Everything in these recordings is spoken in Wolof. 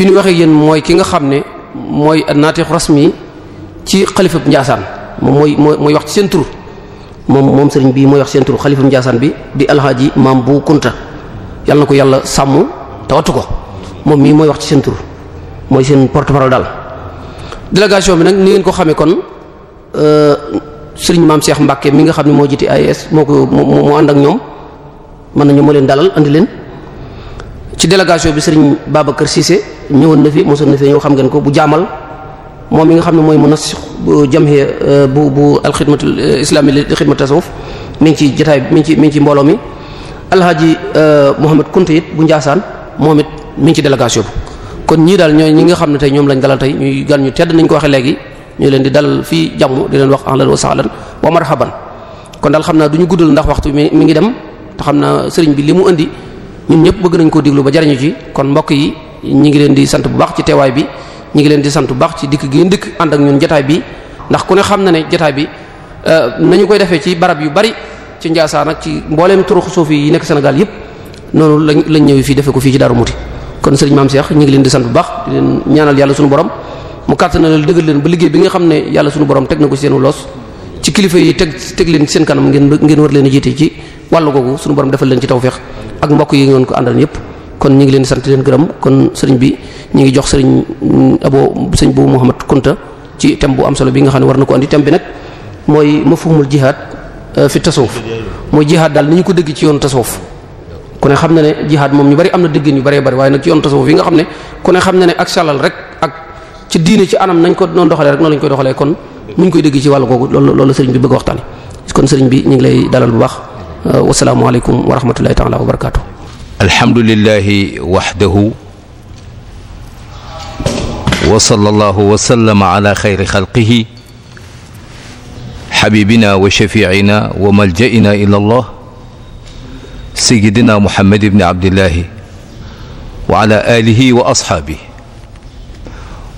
fi ñu waxee yéen mooy ki nga xam ne mooy naatiq rasmi ci xalifa Njaasaan moom mooy mooy wax ci seen tur moom moom sëriñ bii mooy wax seen tur xalifab Njaasaan bi di alxaaji maam bu kunta yàlla na ko yàlla sàmm te wattu ko moom mii mooy wax ci seen tur mooy seen porte daal. délégation bi nag ni ngeen ko xamee kon euh, sëriñ maam Cheikh Mbacke mi nga xam ne moo jiti AES moo ko moo ànd ak ñoom mën nañu moo leen dalal andi leen. ci délégation bi sëriñ Babacar Cissé ñëwoon na fi mosoon na fi ñëw xam ngeen ko bu jaamal moom mi nga xam ne mooy mun a jamhiya euh, bu bu alxidmatul euh, islami li xidmat tasawuf mi ngi ci jotaay mi ngi ci mi ngi ci mbooloo mi alhaji Mouhamed Kunte it bu Njaasaan moom it mi ngi ci délégation bi kon ñii daal ñooy ñi nga xam ne tey ñoom lañ dalal tey ñuy gan ñu tedd nañ ko waxee léegi ñu leen di dalal fii jàmm di leen wax ahlan wa sahlan wa marhaban kon daal xam naa du ñu guddal ndax waxtu mi mi ngi dem te xam naa sëriñ bi li mu indi ñun ñëpp bëgg nañ koo diglu ba jariñu ci kon mbokk yi ñu ngi leen di sant bu baax ci teewaay bi ñu ngi leen di sant bu baax ci dikk gi ngeen dikk ànd ak ñun jotaay bi ndax ku ne xam na ne jotaay bi euh, nañu koy defee ci barab yu bari ci Njaasaan ak ci mbooleem turux yi nekk Sénégal yëpp noonu lañ lañ ñëwee fii defee ko fii ci Darou Moukhty kon sëriñ maam Cheikh ñu ngi leen di sant bu baax di leen ñaanal yàlla suñu borom mu kàttanal dëggal leen ba liggéey bi nga xam ne yàlla suñu borom teg na ko seen loos ci kilifa yi teg teg leen seen kanam ngeen ngeen war leen a jiite ci wàllu googu suñu borom defal leen ci tawfeex ak mbokk yi ngeen ko àndal yépp kon ñu ngi leen sant leen gërëm kon sëriñ bi ñu ngi jox sëriñ abo sëriñ bu Mouhamad Kunta ci thème bu am solo bi nga xam ne war na ko andi thème bi nag mooy ma mafhumul jihaad euh, fi tasawuf mooy jihaad daal ni ñu ko dëgg ci yoonu tasawuf ku xam na ne jihaad moom ñu bari am na déggin yu bëree bëri waaye nag ci yoon tasawuf yi nga xam ne ku xam na ne ak salal rek ak ci diine ci anam nañ ko noon doxalee rek noonu lañ koy doxalee kon mu ñu koy dégg ci wàllu googu loolu loolu sëriñ bi bëgg waxtaani kon sëriñ bi ñu ngi lay dalal bu baax euh, wasalaamualeykum wa rahmatullahi taala wa barakaatu. alhamdulilahi waxdahu wa sallallahu wa sallama ala xayri xalqihi xabibina wa shafiina wa malja'ina ila allah سيدنا محمد بن عبد الله وعلى آله وأصحابه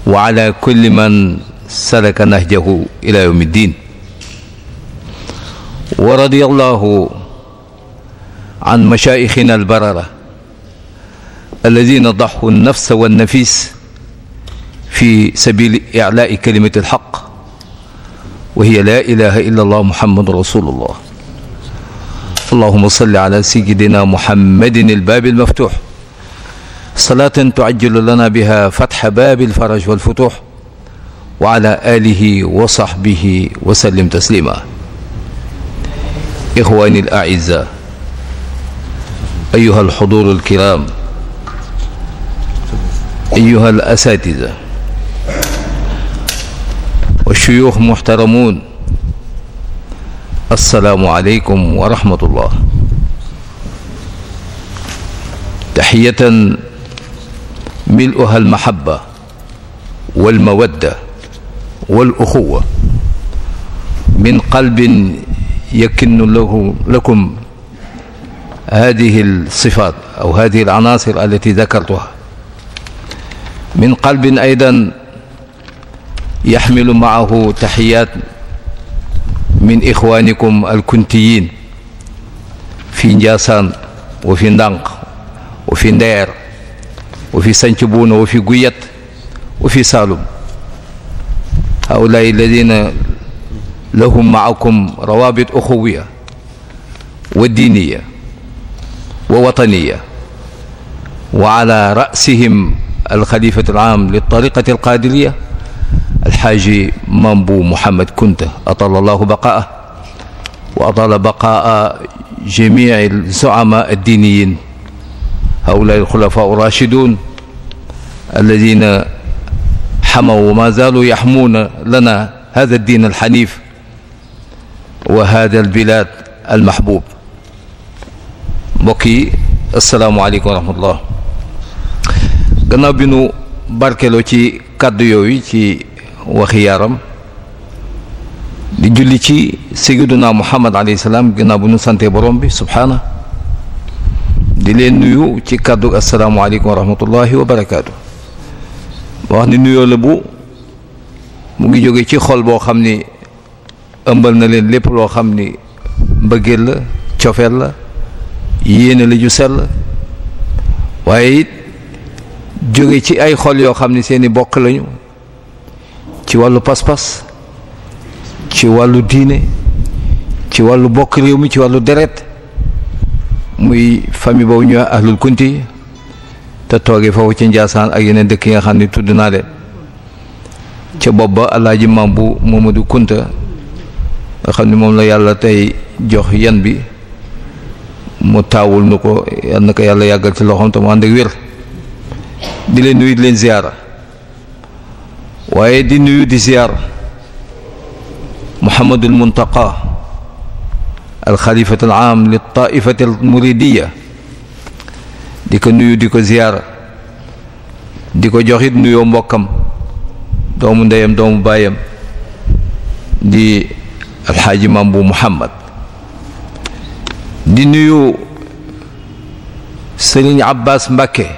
وعلى كل من سلك نهجه إلى يوم الدين ورضي الله عن مشايخنا البررة الذين ضحوا النفس والنفيس في سبيل إعلاء كلمة الحق وهي لا إله إلا الله محمد رسول الله اللهم صل على سيدنا محمد الباب المفتوح صلاة تعجل لنا بها فتح باب الفرج والفتوح وعلى آله وصحبه وسلم تسليما إخواني الأعزاء أيها الحضور الكرام أيها الأساتذة والشيوخ محترمون asalaamualeykum wa rahmatullah taxiyatan miluha almaxaba walmawadda waluxuwa min qalbin yakinu lahu lakum هذه الصفات أو هذه العناصر التي ذكرتها من قلب أيضا يحمل معه تحيات min ixwaanikum alkuntiyiin fi njaasaan wa fi ndànq wa fi ndeer wa fi sanc buuna wa fi guyat wa fi saalum haulaai alladina lahum maakum rawabit uxuwiya wa diiniya wa wataniya wa ala rasihim alxalifatu alaam liltariqati alqaadiriya alxaaji maam bu Mouhamed Kunta atala allahu baqaa'ah wa atala baqaa'a jamiici zucamaa addiiniyiin haulaa alxulafaau raashiduun alladiina xamaw wa maa zaaluu yaxmuuna lanaa haazaa addiin alxaniif wa haazaa albilaad almaxbuub mbokk yi asalaamualeykum wa rahmatullah gannaaw bi nu barkeloo ci kàddu yooyu ci waxi yaram di julli ci sayyiduna muhammad alayhi salaam ginnaaw bu ñu santee borom bi subhaana di leen nuyu ci kàddu asalaamaaleykum wa rahmatullahi wax ni nuyoo la bu mu ngi jóge ci xol boo xam ni ëmbal na leen lépp loo xam ni mbëggeel la cofeel la yéene la ju sell waaye it jóge ci ay xol yoo xam ni seeni bokk lañu ci wàllu pas-pas ci wàllu diine ci wàllu bokk réew mi ci wàllu deret muy famille boobu ñuy wax ahlul kunti te toogee foofu ci njaasaan ak yeneen dëkk yi nga xam ne tudd naa leen ca bopp ba allaaji maam bu Mamadou Kunta nga xam ne moom la yàlla tey jox yan bi mu taawul nu ko yal na ko yàlla yàggal ci loxoom te mu ànd ak wér di leen nuyut di leen ziyaara waaye di nuyu di ziyaar Muhammadul Muntaqa alxalifatul aam li taifatil muridiya di ko nuyu di ko ziyaar di ko joxit nuyoo mbokkam doomu ndeyam doomu baayam di alxaaji maam bu Muhammad di nuyu Sëriñ Abbas Mbàkke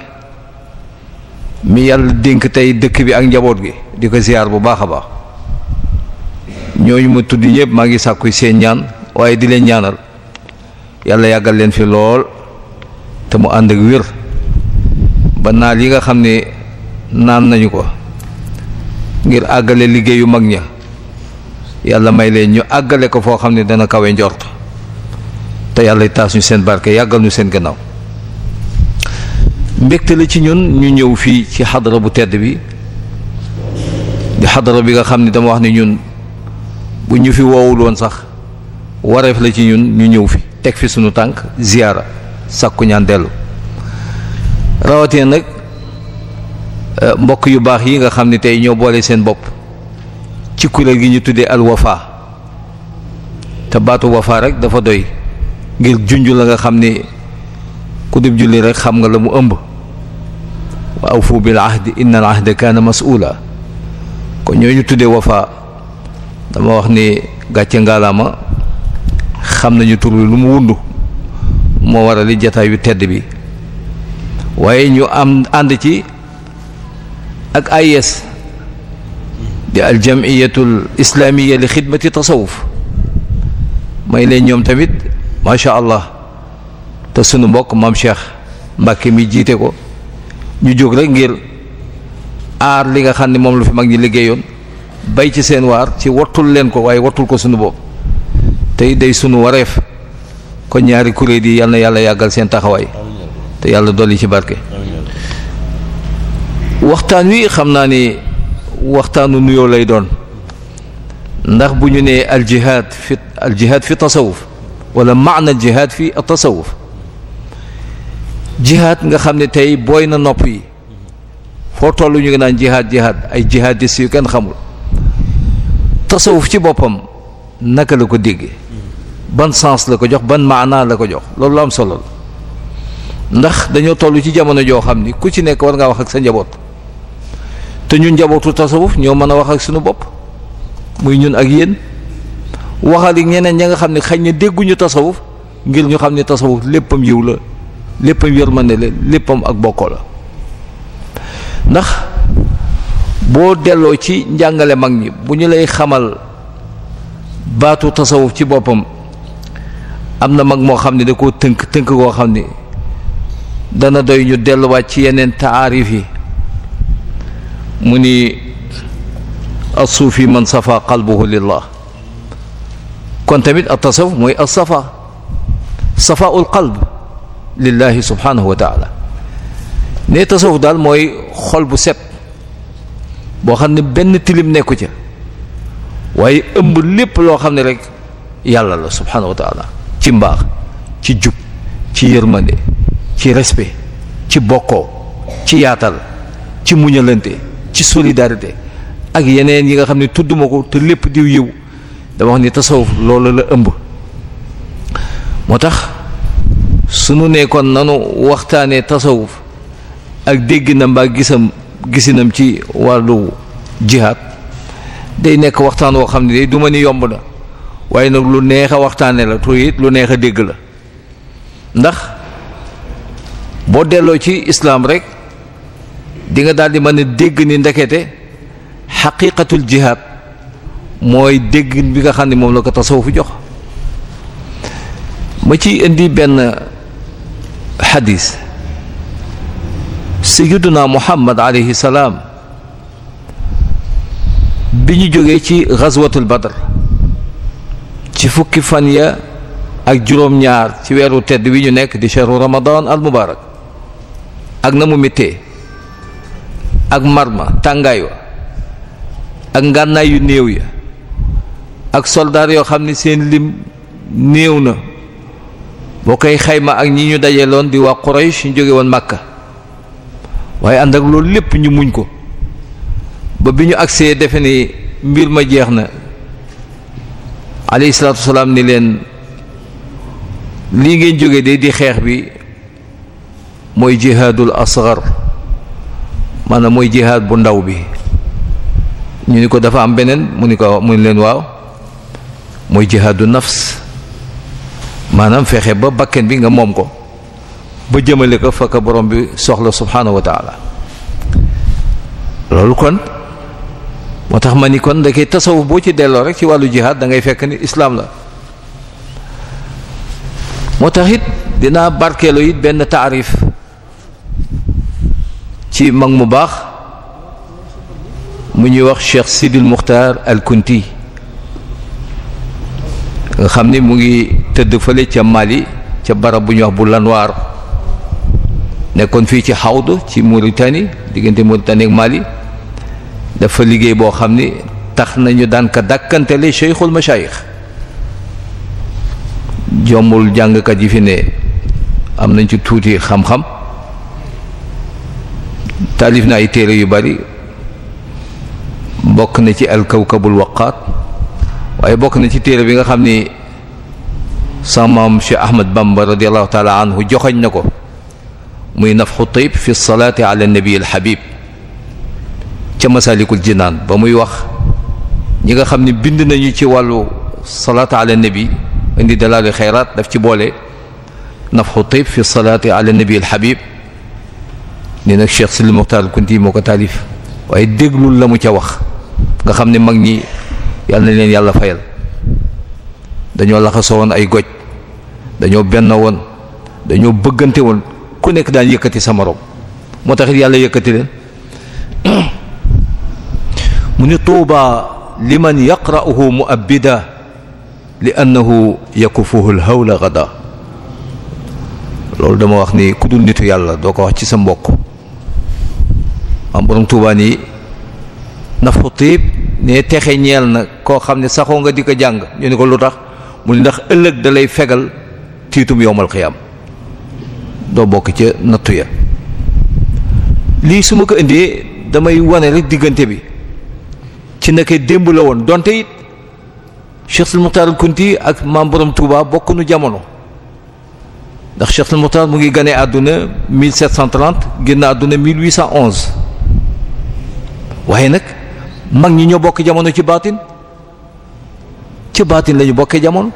mi yàlla dénk tey dëkk bi ak njaboot gi di ko ziyaar bu baax a baax ñooñu ma tudd ñëpp maa ngi sàkku seen ñaan waaye di leen ñaanal yàlla yàggal leen fi lool te mu ànd ak wér ba naal yi nga xam ne naan nañu ko ngir àggale liggéeyu mag ña yàlla may leen ñu àggale ko foo xam ne dana kawe njort te yàlla taas ñu seen barke yàggal ñu seen gannaaw mbégte la ci ñun ñu ñëw fii ci xadara bu tedd bi di xadara bi nga xam ni dama wax ni ñun bu ñu fi woowul woon sax wareef la ci ñun ñu ñëw fi teg fi sunu tànk ziyaara sàkku ñaan dellu rawatina nag euh, mbokk yu baax yi nga xam ni tey ñoo boole seen bopp ci kuréel gi ñu tuddee al wafa te baatu wafa rek dafa doy ngir junj la nga xam ni ku dib julli rek xam nga la mu ëmb wa awfu bil ahdi inna al kaana mas'uula kon ñu tuddee wafa dama wax ni gàcce ngaalaama xam nañu tur wi lu mu wund moo waral li jataay yu tedd bi waaye ñu am ànd ci ak AIS di aljamiyatul islaamiya li xidmati tasawuf may leen ñoom tamit macha allah te sunu mbokk mam Cheikh Mbàkke mi jiite ko ñu jóg rek ngir aar li nga xam ne moom la fi mag ñi liggéeyoon bay ci seen waar ci wattul leen ko waaye wattul ko sunu bopp tey day sunu wareef kon ñaari kuréel yi yal yàlla yàggal seen taxawaay te yàlla dolli ci barke waxtaan wi xam naa ni waxtaanu nuyoo lay doon ndax bu ñu ne al jihaad fi al jihaad fi tasawuf wala maana jihaad fi tasawuf jihaad nga xam ne tey booy na nopp yi foo toll ñu ngi naan jihaad jihaad ay jihadistes yu kenn xamul tasawuf ci boppam naka la ko déggee ban sens la ko jox ban maanaa la ko jox loolu am solo ndax dañoo toll ci jamono joo xam ni ku ci nekk war ngaa wax ak sa njaboot te ñu njabootu tasawuf ñoo mën a wax ak suñu bopp muy ñun ak yéen waxal ak ñeneen ña nga xam ne xëy na dégguñu tasawuf ngir ñu xam ne tasawuf léppam yiw la léppam yërmande la léppam ak bokkoo la. ndax boo delloo ci njàngale mag ñi bu ñu lay xamal baatu tasawuf ci boppam am na mag moo xam ne da ko tënk tënk koo xam ne dana doy ñu delluwaat ci yeneen taarif yi mu ni as-suufi man safa qalbuhu lillah kon tamit a tasawuf mooy as safa safaul qalb lillahi subhanahu wa taala ne tasawuf daal mooy xol bu set boo xam ne benn tilim nekku ca waaye ëmb lépp loo xam ne rek yàlla la subhaanahu wa ci mbaax ci jub ci yërmande ci respe ci bokkoo ci yaatal ci muñalante ci solidarité ak yeneen yi nga xam ne tudduma ko te lépp diw yiw dama wax ni tasawuf loolu la ëmb moo tax su sunu nekkoon nanu waxtaanee tasawuf ak déggina ba gisam gisinam ci wàllu jihaad day nekk waxtaan woo xam ne day du ma ni yomb na waaye nag lu neex a waxtaane la tu lu neex a dégg la ndax boo delloo ci islaam rekk dinga nga daal di mën a dégg ni ndekete xaqiqatul jihaad mooy dégg bi nga xam ne moom la ko fu jox ma ci indi benn xadis sayiduna muhammad alayhi salaam bi ñu jógee ci xaswatul badr ci fukki fan ya ak juróom-ñaar ci weeru tedd wi ñu nekk di cheru ramadan al mubarak ak namu mu ak marma tàngaay wa ak ngànnaay yu néew ya ak soldaar yoo xam ni seen lim néew na boo koy xayma ak ñi ñu dajeloon di waa Quraysh ñu jóge woon Makka waaye ànd ak loolu lépp ñu muñ ko ba bi ñu agsee defe ni mbir ma jeex na alayhi salaatu wasalaam ni leen lii ngeen jóge de di xeex bi mooy jihaadul asgar maanaam mooy jihaad bu ndaw bi ñu ni ko dafa am beneen mu ni ko mu ni leen waaw mooy jihaadu nafs maanaam fexe ba bakken bi nga moom ko ba jëmale ko fa ka borom bi soxla subhaanahu wa loolu kon moo tax ma ni kon da koy tasawuf boo ci delloo rek ci wàllu jihaad da ngay fekk ni islaam la moo tax it dinaa barkeelu it benn taarif ci mag mu baax mu ñuy wax Cheikh Sidil Mukhtar al Kunti nga xam ni mu ngi tëdd fale ca Mali ca barab bu ñuy wax bu Lanwaar nekkoon fii ci xawdu ci Mauritanie diggante Mauritanie ak Mali dafa liggéey boo xam ni tax nañu daan ka dàkkantele cheikhul mashayikh jombul jàngkat yi fi ne am nañ ci tuuti xam-xam taalif na ay téere yu bari bokk na ci alkawkabul waqaat waaye bokk na ci téere bi nga xam ni sama maam Cheikh Ahmad Bamba radiallahu taala anhu joxoñ na ko muy nafxu tayib fi salaati ala nabi al habib ca masalikul jinaan ba muy wax ñi nga xam ne bind nañu ci wàllu salaati ala nabi indi dalaalu xayraat daf ci boole nafxu tayib fi salaati ala nabi al habib ni nag Cheikh Sidi Muxtaar Kunti moo ko taalif waaye déglul la mu ca wax nga xam ne mag ñi yàlla na leen yàlla fayal dañoo laxasoo woon ay goj dañoo benn woon dañoo bëggante woon ku nekk daan yëkkati sa morom moo tax it yàlla yëkkati leen mu ni tuuba liman yaqra'uhu mu'abbida li annahu yakufuhu alhawla gada loolu dama wax ni ku dul nitu yàlla doo ko wax ci sa mbokk am borom tuuba nii nafu tiib ne texe ñeel na koo xam ne saxoo nga di ko jàng ñu ni ko lu tax mu ni ndax ëllëg da lay fegal tiitum yowmal xiyaam doo bokk ca nattu ya lii su ma ko indee damay wane rek diggante bi ci naka démb la woon donte it Cheikh Sidi Kunti ak maam borom Touba bokk nu jamono ndax Cheikh Sidi mu ngi ganee àdduna 1730 génn àdduna 1811 waaye nag mag ñi ñoo bokk jamono ci baatin ci baatin la ñu bokkee jamono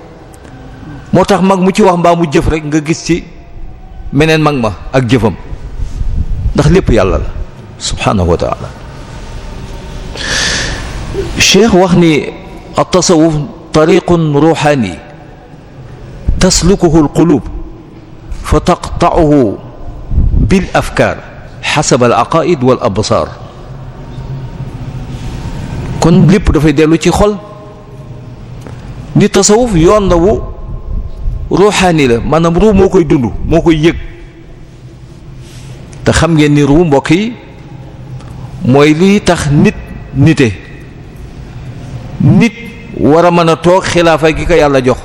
moo tax mag mu ci wax mbaa mu jëf rek nga gis ci. meneen mag ma ak jëfam ndax lépp yàlla la subhaanahu wa taala wax ni at-tasawuf tariqun ruuxaani taslukuhu al-quluub fa afkaar xasab al-aqaa'id wal absaar kon lépp dafay dellu ci xol ni tasawuf yoon la ruuxaani la maanaam ruu moo koy dund moo koy yëg te xam ngeen ni ruu mbokk yi mooy liy tax nit nite nit war a mën a toog xilaafa gi ko yàlla jox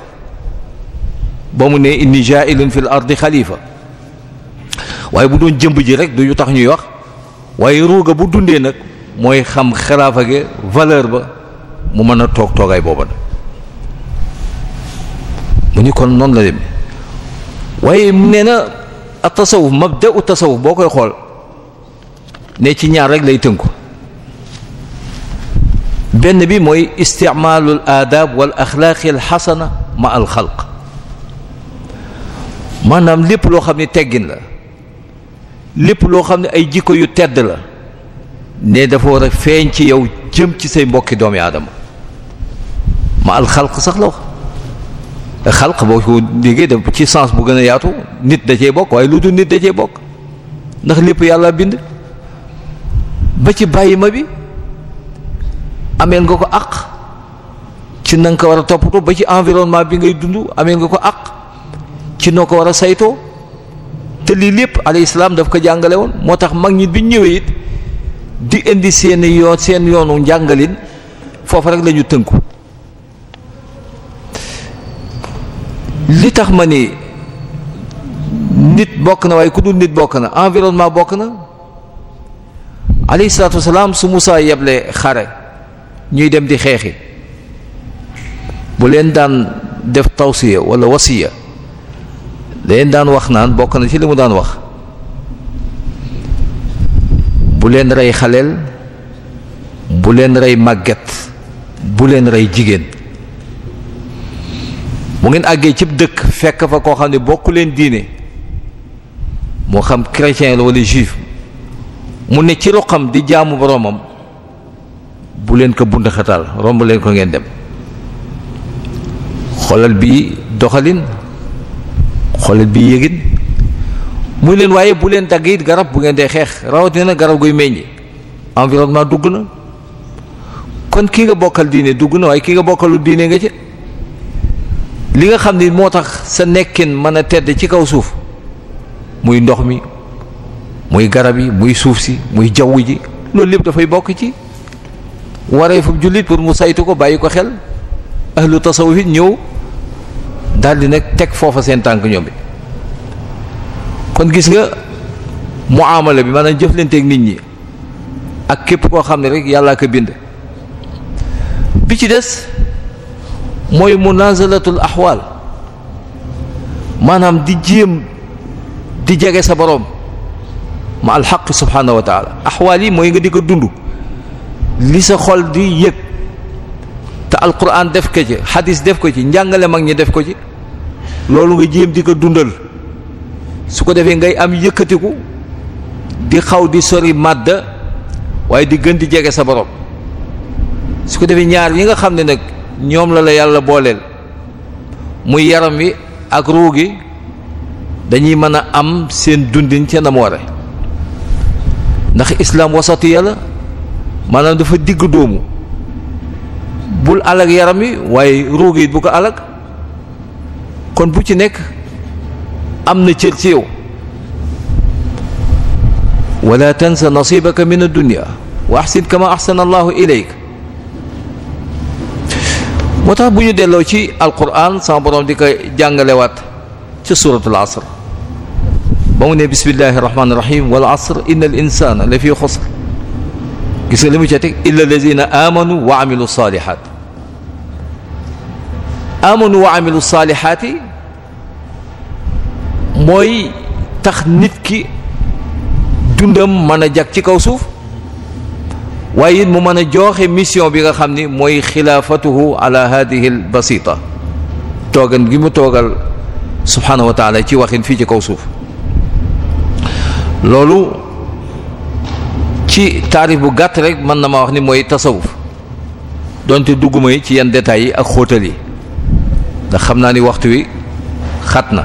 ba mu nee inni jaa'ilun fil ardi xalifa waaye bu doon jëmb ji rek du ñu tax ñuy wax waaye ruuga bu dundee nag mooy xam xilaafa gi valeur ba mu mën a toog toogaay booba mu ni kon noonu la dem waaye nee na ak tasawuf mabda'u tasawuf boo koy xool ne ci ñaar rek lay tënku benn bi mooy isticmaalul aadaab wal axlaaqi al xasana ma al maanaam lépp loo xam ne teggin la lépp loo xam ne ay jikko yu tedd la ne dafa war a feeñ ci yow jëm ci say mbokki doomi aadama ma al sax la wax xalq boo ko déggee da ci sens bu gën a yaatu nit da cee bokk waaye lu dul nit da cee bokk ndax lépp yàlla bind ba ci bàyyi ma bi ameel nga ko àq ci na ko war a toppatoo ba ci environnement bi ngay dund ameel nga ko àq ci noo ko war a saytoo te lii lépp alayhi salaam daf ko jàngale woon moo tax mag ñi bi ñëwee it di indi seen yoon seen yoonu njàngalin foofu rek lañu tënku li tax ma ni nit bokk na waaye ku dul nit bokk na environnement bokk na alayhi salaatu wasalaam su Musaa yeble xare ñuy dem di xeexi bu leen daan def tawsiya wala wasiya leen daan wax naan bokk na ci li mu daan wax bu leen rey xaleel bu leen rey màgget bu leen rey jigéen bu ngeen àggee cib dëkk fekk fa koo xam ne bokku leen diine moo xam chrétien la wala juif mu ne ci ruqam di jaamu boroomam bu leen ko bund xatal romb leen ko ngeen dem xoolal bi doxalin xoolal bi yëgin muy leen waaye bu leen dagg it garab bu ngeen dee xeex rawatina garab guy meññi environnement dugg na kon ki nga bokkal diine dugg na waaye ki nga bokkalu diine nga ci li nga xam ni moo tax sa nekkin mën a tedd ci kaw suuf muy ndox mi muy garab yi muy suuf si muy jaww ji loolu lépp dafay bokk ci wareefu jullit pour mu saytu ko bàyyi ko xel ak lu tasawuf it ñëw daldi nag teg foofa seen tànk ñoom bi kon gis nga mu muamala bi maanaam jëflanteeg nit ñi ak képp koo xam ne rek yàllaa ko bind bi ci des mooy munazalatul axwaal maanaam di jéem di jege sa boroom ma alxaq subhaanahu wa axwaal yi mooy nga di ko dund li sa xol di yëg te alquran def ko ci xadis def ko ci njàngale mag ñi def ko ci loolu nga jéem di ko dundal su ko defee ngay am yëkkatiku di xaw di sori màdd waaye di gën di jege sa boroom su ko defee ñaar yi nga xam ne nag ñoom la la yàlla booleel muy yaram wi ak ruu dañuy mën a am seen dundin ca nam ndax islaam wasatu yàlla maanaam dafa digg doomu bul alag yaram wi waaye ruu gi bu ko alag kon bu ci nekk am na cër ci yow wala tansa nasibaka min ad dunya wax ahsin kama ahsana allahu ilayk moo tax bu ñu delloo ci alquran sama borom di ko jàngalewaat ci suratul asr ba mu ne bismillahi rahmaani rahim wal asr inna al insana la fii xusr gis nga li mu ca teg illa allazina amanu wa wa amilu salihat yi mooy tax nit ki dundam mën a jag ci kaw suuf waaye it mu mën a jooxe mission bi nga xam ni mooy xilaafatuhu ala hadihi basita toogan gi mu toogal subhaanahu wa taala ci waxin fii ci kaw suuf loolu ci taarif bu gàtt rek mën na ma wax ni mooy tasawuf donte dugguma yi ci yenn détails yi ak xóotal yi ndax xam naa ni waxtu wi xat na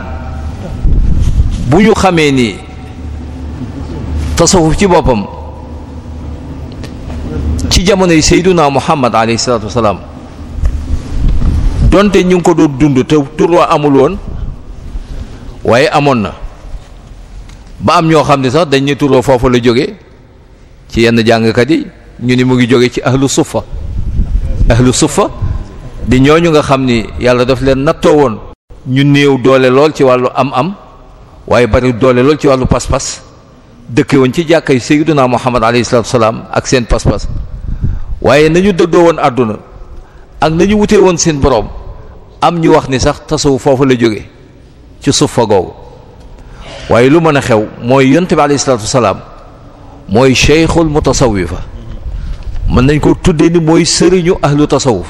bu ñu xamee nii tasawuf ci boppam ci jamono yi Seyduna Muhammad alayhi salaatu wa salaam donte ñu ngi ko doon dund te tur amul woon waaye amoon na ba am ñoo xam ne sax dañ ne tur wa foofu la jóge ci yenn jàngkat yi ñu ni mu ngi jóge ci ahlu suffa ahlu suffa di ñu nga xam ni yàlla daf leen nattoo woon ñu néew doole lool ci wàllu am-am waaye bari doole lool ci wàllu pas-pas dëkke woon ci jàkka yi Seyduna Muhammad alayhi salaatu wa salaam ak seen pas-pas waaye nañu dëddoo woon àdduna ak nañu wutee woon seen boroom am ñu wax ni sax tasawuf foofu la jóge ci suuf fa googu waaye lu mën a xew mooy yonte bi alayhi salaatu wasalaam mooy cheikhul mutasawifa mën nañ ko tuddee ni mooy sëriñu ahlu tasawuf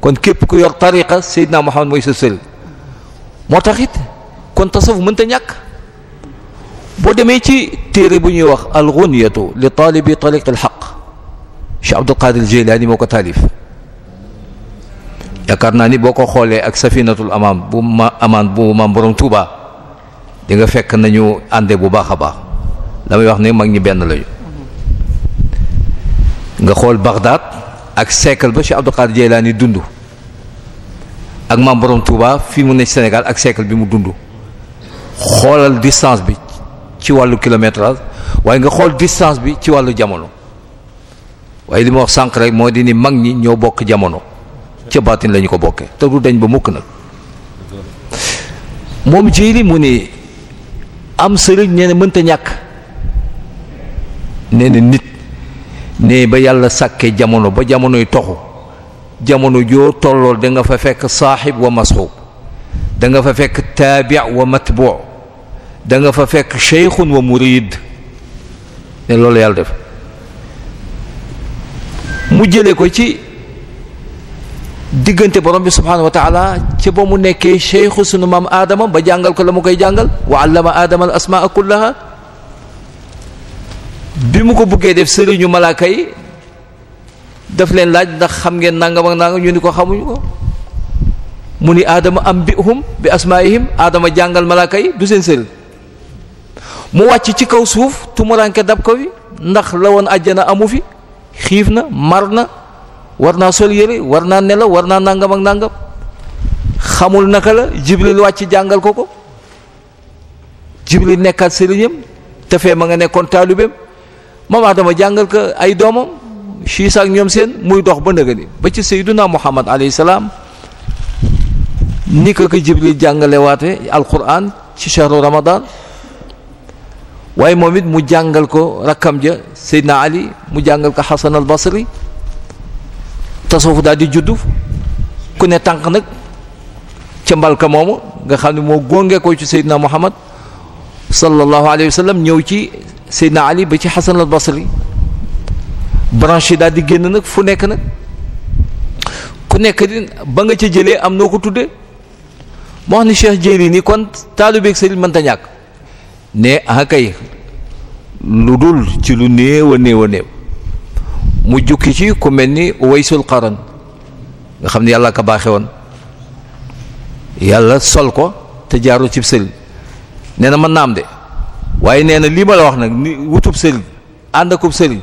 kon képp ku yor tariqa seydinaa muhammad mooy sa sëriñ moo taxit kon tasawuf mënta ñàkk boo demee ci téere bu ñuy wax al ghunyatu li taalibi tariqil xaq Cheikh Abdul Qadir Jeylaani moo ko taalif yaakaar naa ni boo ko xoolee ak safinatul amaan bu ma amaan bu ma borom Touba di nga fekk nañu ànde bu baax a baax damay wax ne mag ñi benn lañu nga xool Bagdad ak siècle ba Cheikh Abdul Qadir ni dund ak maam borom Touba fii mu ne Sénégal ak siècle bi mu dund xoolal distance bi ci wàllu kilométrage waaye nga xool distance bi ci wàllu jamono waaye li ma wax sànq rek moo di ni mag ñi ñoo bokk jamono ca baatin la ko bokkee te du dañ ba mukk nag moom jéeri mu ni am sëriñ nee na mënta ñàkk nee nit ne ba yàlla sàkkee jamono ba jamonoy toxu jamono joo tollool danga fa fekk saaxib wa masxub danga fa fekk taabi wa matbu danga fa fekk cheykhun wa murid ne loolu yàlla def mu jëlee ko ci diggante borom bi subhaanahu wa ci ba mu nekkee cheikhu sunu maam aadama ba jàngal ko la mu koy jàngal wa allama aadama al asmaa kullaha bi mu ko buggee def sëriñu malaaka yi daf leen laaj ndax xam ngeen nanga ak nangam ñu ni ko xamuñu ko mu ni aadama am bi hum bi aadama jàngal malaaka yi du seen sëriñ mu wàcc ci kaw suuf tumuranke dab ko wi ndax la woon àjjana amu fi xiif na mar na war naa sol yére war naa nelaw war naa nàngam ak nàngam xamul naka la jibril wàcc jàngal ko ko jibril nekkaat sëriñam te fee ma nga nekkoon taalibeem maam Adama jàngal ko ay doomam Siisa ñoom seen muy dox ba ndëgëni ba ci sayyiduna Muhammad alayhi salaam ni ko ko jibril jàngalewaate alquran ci shahru ramadan waaye moom it mu jàngal ko rakkam ja Seydina Ali mu jàngal ko Xasan al Basri tasawuf daal di juddu ku ne tànk nag ca mbalka moomu nga xam ne moo góngee ko ci Seydina Muhammad sallallahu alayhi wa sallam ñëw ci Seydina Ali ba ci Xasan al Basri branche daal di génn nag fu nekk nag ku nekk ba nga ca jëlee am noo ko tudde moo xam ne Cheikh Jeyri nii kon taalu beeg sëriñ mënta ñàkk ne hakay lu dul ci lu néew a néew a néew mu jukki ci ku mel ni waysul qaran nga xam ne yàlla ka baaxe woon yàlla sol ko te jaaro cib sëriñ nee na mën naam de waaye nee na lii ma la wax nag ni wutub sëriñ ànd akub sëriñ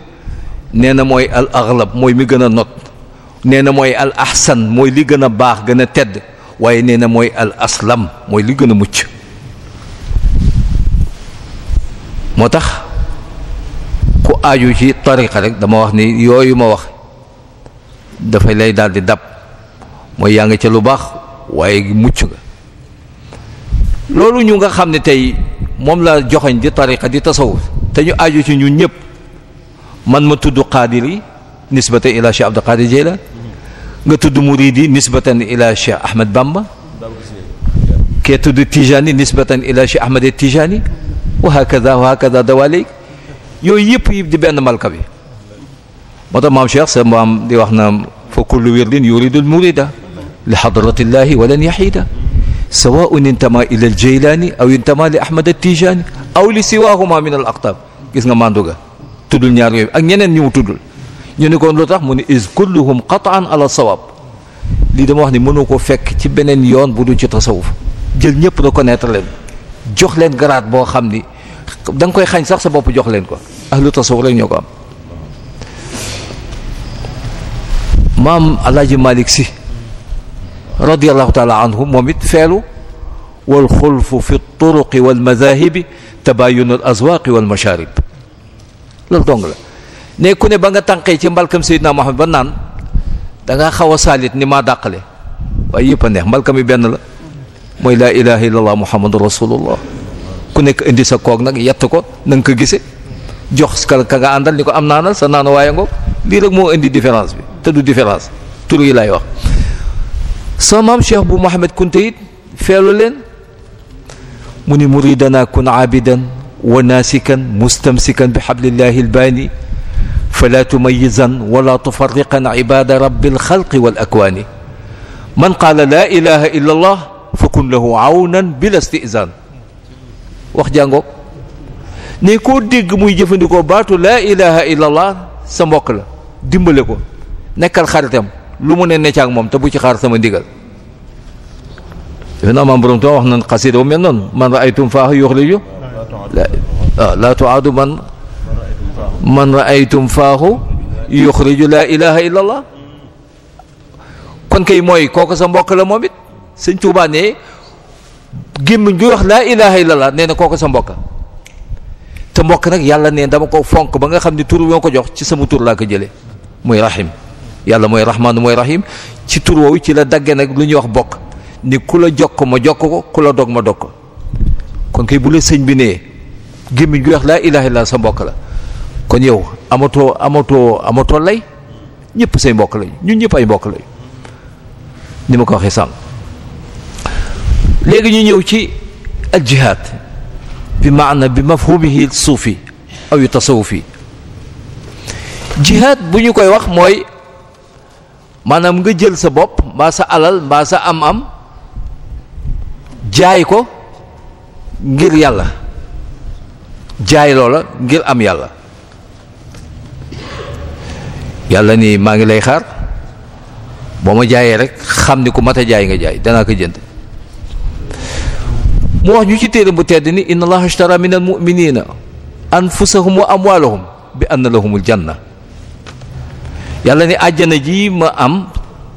nee na mooy al aghlab mooy mi gën a not nee na mooy al ahsan mooy li gën a baax gën a tedd waaye nee na mooy al aslam mooy li gën a mucc moo tax ku aaju ci tariqa rek dama wax ni yooyu ma wax dafay lay daal di dab mooy yaa ngi ca lu baax waaye mucc nga loolu ñu nga xam ne tey moom la joxoñ di tariqa di tasawuf te ñu aju ci ñun ñëpp man ma tudd qaadir yi nisbatan ila Cheikh Abdou Qadir Jeylaan nga tudd murid yi nisbatan ila Cheikh Ahmed Bamba kee tudd Tijani nisbatan ila Cheikh Ahmed Tijani wa hakaza yooyu yëpp yi di benn malka bi moo tax maam Cheikh sa maam di wax na fo kullu wirdin yuridul murida li hadratillahi walan yahida sawaun intama ila al jaylani aw intama li ahmad al tijani aw li siwahuma min al aqtab gis nga manduga tuddul ñaar yooyu ak ñeneen ñu mu tuddul ñu ne koon lu tax mu ne is kulluhum qataan ala sawab lii dama wax ni mënoo ko fekk ci beneen yoon bu dul ci tasawuf jël ñëpp reconnaître leen jox leen garaat boo xam ni da nga koy xañ sax sa boppu jox leen ko ahlu tasawuf rek ñoo ko am maam alaaji malik si radiallahu taala anhu moom it feelu wal xulfu fi turuqi wal mazahibi tabayunu al azwaqi wal masharib loolu dong la ne ku ne ba nga tànqee ci mbalkam Seydina Muhammad ba naan da nga xaw a saalit ni ma dàqale waaye yëpp a neex mbalkam yi benn la mooy laa ilaha illallah muhammadu rasulullah ku nekk indi sa kook nag yett ko na nga ko gisee jox ka ka nga ni ko am naanal sa naan waaye ngoog lii moo indi différence bi te du différence tur sa maam Cheikh bu Mouhamed Kunte it feelu leen mu ni muridana kun aabidan wa naasikan mustamsikan bi xablillahi albaani fala tumayizan wala tufariqan ibada rabbi alxalqi allah fa kun lahu awnan bila wax jàngoog ne koo dégg muy jëfandikoo baatu laa ilaha illallah sa mbokk la dimbale ko nekkal xaritam lu mu ne ne ak moom te bu ci xaar sama ndigal yooyu naa maam borom wax nan xasida bu mel noonu man raaytum faahu yuxriju waaw laa tuaadu kon kay mooy kooku sa mbokk la moom it sëñ Tuubaa gémmiñ buy wax laa ilaha illallah nee na ko sa mbokk te mbokk nag yàlla nee dama ko fonk ba nga xam ne tur bi ma ko jox ci sama tur laa ko jëlee mooy rahim yàlla mooy rahmaanu mooy raxim ci tur woowu ci la dagge nag lu ñuy wax bokk ni ku la jokk ma jokk ko ku la dog ma dog ko kon kay bu la sëñ bi nee gémmiñ buy wax laa ilaha la sa mbokk la kon yow amatoo amatoo amatoo lay ñëpp say mbokk lañ ñun ñëpp ay mbokk lañ ni ma ko waxee sànq. léegi ñu ñëw ci al jihaad bi maana bi mafhumihi suufi aw yu tasawufi jihaad bu ñu koy wax mooy maanaam nga jël sa bopp mbaa sa alal mbaa sa am-am jaay ko ngir yàlla jaay loola ngir am yàlla yàlla nii maa ngi lay xaar boo ma jaayee rek xam ni ku mat a jaay nga jaay danaa ko jënd mu wax ñu ci téere bu tedd ni inna allaha ashtara min almuminina am wa amwaalahum bi anna jan na yàlla ne àjjana ji ma am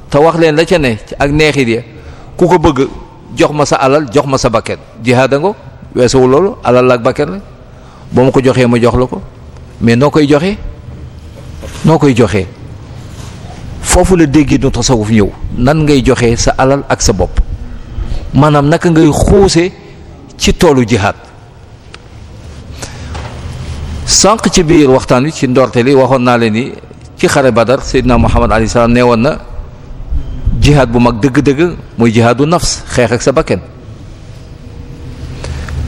te wax leen la ca ne ak neexit ya ku ko bëgg jox ma sa alal jox ma sa bakket jihaada nga weesuwu loolu alal la ak bakket la boo ma ko joxee ma jox la ko mais noo koy joxee noo koy joxee foofu la déggee nu tasawuf ñëw nan ngay joxee sa alal ak sa bopp maanaam naka ngay xuuse ci toolu jihaad sanq ci biir waxtaan wi ci ndorte li waxoon naa leen ni ci xare badar seydina muhammad alayhi salaam nee woon na jihaad bu mag dëgg-dëgg mooy jihaadu nafs xeex ak sa bakken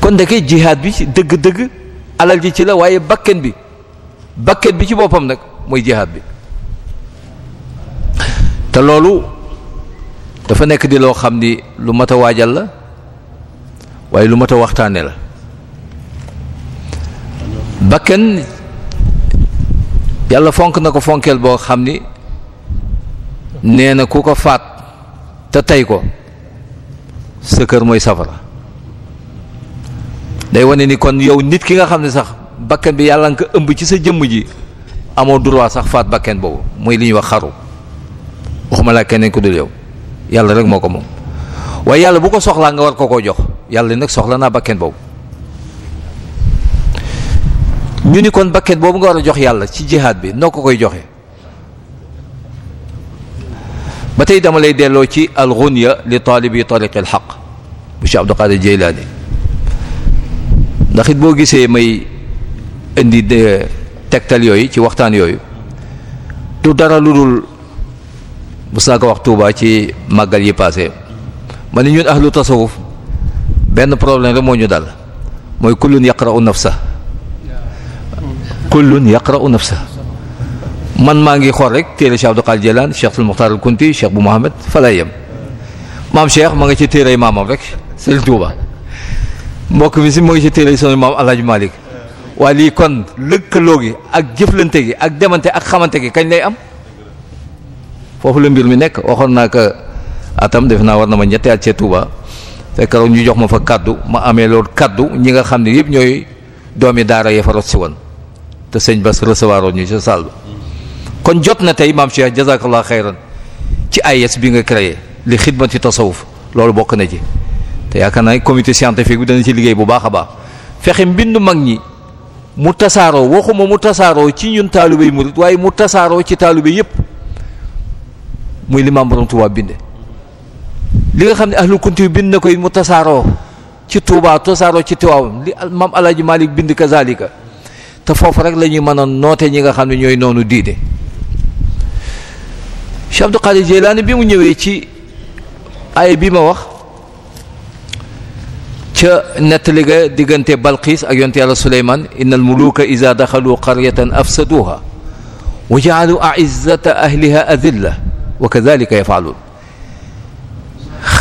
kon ndeke jihaad bi ci dëgg-dëgg alal ji ci la waaye bakken bi bakken bi ci boppam nag mooy jihaad bi te loolu dafa nekk di loo xam ni lu mat a waajal la waaye lu mat a waxtaane la bakkan yàlla fonk na ko fonkeel boo xam ni nee na ku ko faat te tey ko sa kër mooy safara day wone ni kon yow nit ki nga xam ne sax bakkan bi yàlla nga ko ëmb ci sa jëmm ji amoo droit sax faat bakkan boobu muy li ñuy wax xaru waxuma laa keneen ko dul yow yàlla rek moo ko moom waaye yàlla bu ko soxlaa nga war ko koo jox yàlla nag soxla naa bakken boobu ñu ni kon bakken boobu nga war a jox yàlla ci jihaad bi noo ko koy joxe ba tey dama lay delloo ci alxunya li taalibi tariqi alxaq bu Cheikh Abdul Qadir Jeylaani ndax it boo gisee may indi eh, tegtal yooyu ci waxtaan yooyu du dara lu dul mos naa ko wax Tuubaa ci màggal yi paase ma ne ñun ahlu tasawuf benn problème rek moo ñu dal mooy kullun yaqra'u nafsa kullun yaqra'u nafsa man maa ngi xool rek téere Cheikh Abdou Qadir Jilani Cheikh Muxtaar al Kunti bu Mohamed fa lay maam Cheikh ma nga ci téere maamam rek Serigne Touba mbokk mi si ma nga ci téere sunu maam El Hadj waaye lii kon lëkkaloo gi ak jëflante gi ak demante ak xamante gi kañ lay am foofu la mbir mi nekk waxoon naa ko atam def naa war na ma ñetti at ca Touba te keroog ñu jox ma fa kàddu ma amee loolu kàddu ñi nga xam ne yëpp ñooy doomi daara ya fa rot si woon te sëñ Bass recevoir ñu ca salle ba kon jot na tey maam Cheikh jazakallah xayran ci AIS bi nga créé li xidmati tasawuf loolu bokk na ci te yaakaar naa comité scientifique bi dana ci liggéey bu baax a baax fexe mbindu mag ñi mu tasaaroo waxuma mu tasaaroo ci ñun taalibe yi waaye mu tasaaroo ci taalibe yëpp muy li maam borom Tuubaa li nga xam ne ahlu kunti yu bind na ko mu tasaaroo ci Touba tasaaroo ci Tiwaawan li maam Alaaji Malik bind kazalika te foofu rek la ñuy mën noote ñi nga xam ne ñooy noonu diine Cheikh Abdou Qadir Jeylaani bi mu ñëwee ci ay bi ma wax ca nettali ga diggante Balqiis ak yonte yàlla Suleymaan inna al muluka ida daxalu qaryatan afsaduha wa jaalu ahliha adilla wa kadalika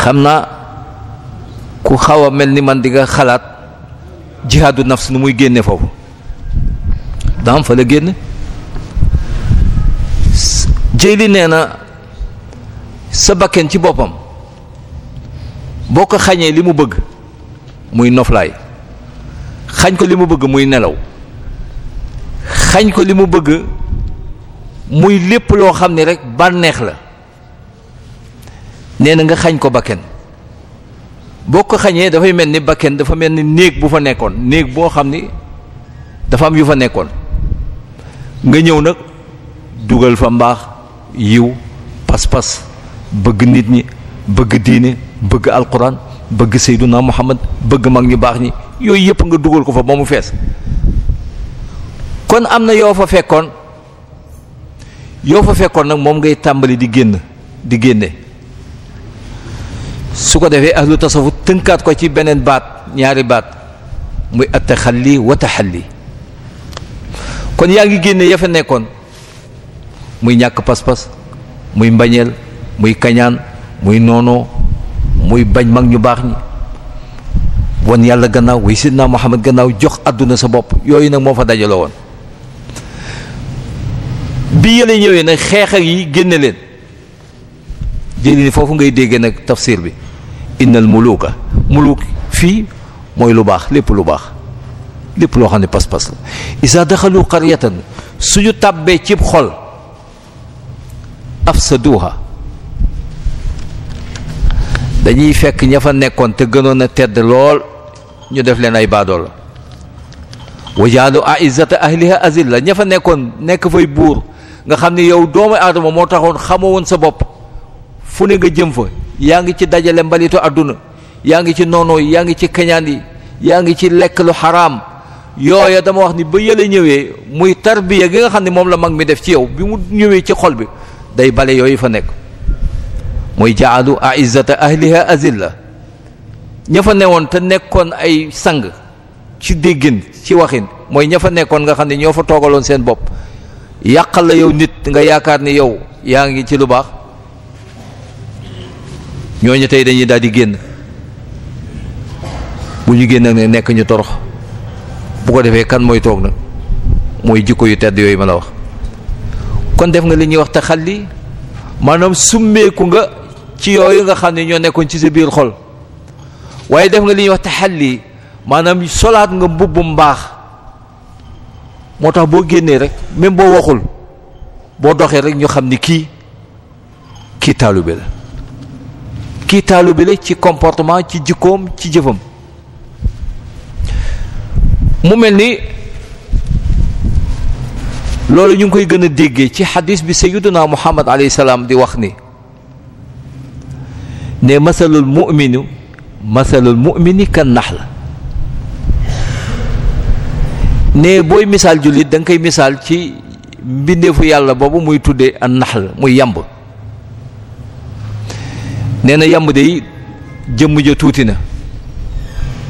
xam naa ku xaw a mel ni man dinga xalaat jihaadu nafs nu muy génne foofu daam fa la génne jëli nee na sa bakken ci boppam boo ko xañee li mu bëgg muy noflaay xañ ko li mu bëgg muy nelaw xañ ko li mu bëgg muy lépp loo xam ni rekk bànneex la nee na nga xañ ko bakken boo ko xañee dafay mel ni bakken dafa mel ni néeg bu fa nekkoon néeg boo xam ni dafa am yu fa nekkoon nga ñëw nag dugal fa mbaax yiw pas-pas bëgg nit ñi bëgg diine bëgg alquran bëgg sayduna muhammad bëgg mag ñu baax ñi yooyu yëpp nga dugal ko fa ba mu fees kon am na yoo fa fekkoon yoo fa fekkoon nag moom ngay tàmbali di génn di génne su ko defee ahlu tasawuf tënkaat ko ci beneen baat ñaari baat muy attaxalli wa taxalli kon yaa ngi génne ya fa nekkoon muy ñàkk pas-pas muy mbañeel muy kañaan muy noonoo muy bañ mag ñu baax ñi wan yàlla gannaaw way sidna Muhammad gannaaw jox àdduna sa bopp yooyu nag moo fa dajaloo woon bi yële ñëwee nag xeex yi génne leen jëli foofu ngay déggee nag tafsir bi innal muluka muluk fii mooy lu baax lépp lu baax lépp loo xam ne pas-pas la isa daxalu qaryatan suñu tàbbee cib xol duuxa dañuy fekk ña fa nekkoon te gënoon a tedd lool ñu def leen ay baadoo la wajaalu aizata ahliha la ña fa nekkoon nekk fay buur nga xam ne yow doomu aadama moo taxoon xamoo woon sa bopp fu ne nga jëm fa yaa ngi ci dajale mbalitu àdduna yaa ngi ci noonoo yi yaa ngi ci keñaan yi yaa ngi ci lekk lu xaraam yooya dama wax ni ba yële ñëwee muy tarbiya gi nga xam ne moom la mag mi def ci yow bi mu ñëwee ci xol bi day bale yooyu fa nekk muy jaalu aizata ahliha azilla ña fa newoon te nekkoon ay sang ci déggin ci waxin mooy ña fa nekkoon nga xam ne ñoo fa toogaloon seen bopp yàqal la yow nit nga yaakaar ni yow yaa ngi ci lu baax ñooñu tey dañuy daal di génn bu ñu génn nag nekk ñu torox bu ko defee kan mooy toog nag mooy jikko yu tedd yooyu ma la wax kon def nga li ñuy wax te xalli maanaam summeeku nga ci yooyu nga xam ne ñoo nekkoon ci sa biir xol waaye def nga li ñuy wax te xalli maanaam solaat nga mbubb mbaax moo tax boo génnee rek même boo waxul boo doxee rek ñu xam ni kii kii taalibe la kii taalu bi la ci comportement ci jikkoom ci jëfam mu mel ni loolu ñu ngi koy gën a déggee ci xadiis bi sayyiduna muhammad alayhi salaam di wax ni ne masalul mu'minu masalul mu'mini kan nax la ne booy misaal jullit da koy misaal ci mbindeefu yàlla boobu muy tuddee an nax la muy yàmb nee na yamb day jëmm ja tuuti na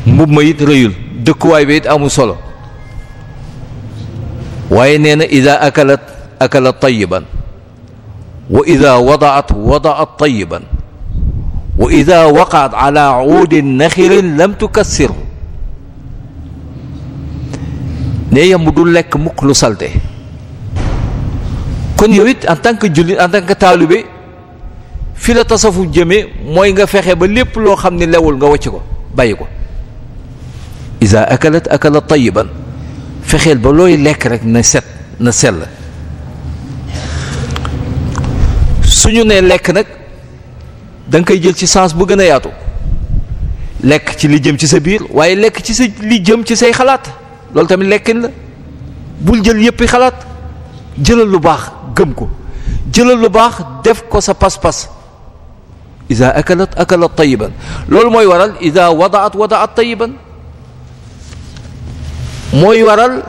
mbub ma it rëyul dëkkuwaay bi it amul solo waaye nee na ida akalat akalat tayiban wa ida wadaat wadaat tayiban wa ida waqaat ala uudin naxirin lam tukassiru ne yamb du lekk mukk lu salte kon yow it en tant que jullit en tant que taalibe fi la tasafu jëme mooy nga fexe ba lépp loo xam ne lewul nga wacc ko bàyyi ko isa akalat akala tayiban fexeel ba looy lekk rek na set na sell ñu nee lekk nag da koy jël ci sens bu gën a yaatu lekk ci li jëm ci sa biir waaye lekk ci sa li jëm ci say xalaat loolu tamit lekkin la bul jël yépp xalaat jëlal lu baax gëm ko jëlal lu baax def ko sa pas-pas isa akalat akalat tayiban loolu mooy waral isa wadaat wadaat tayiban mooy waral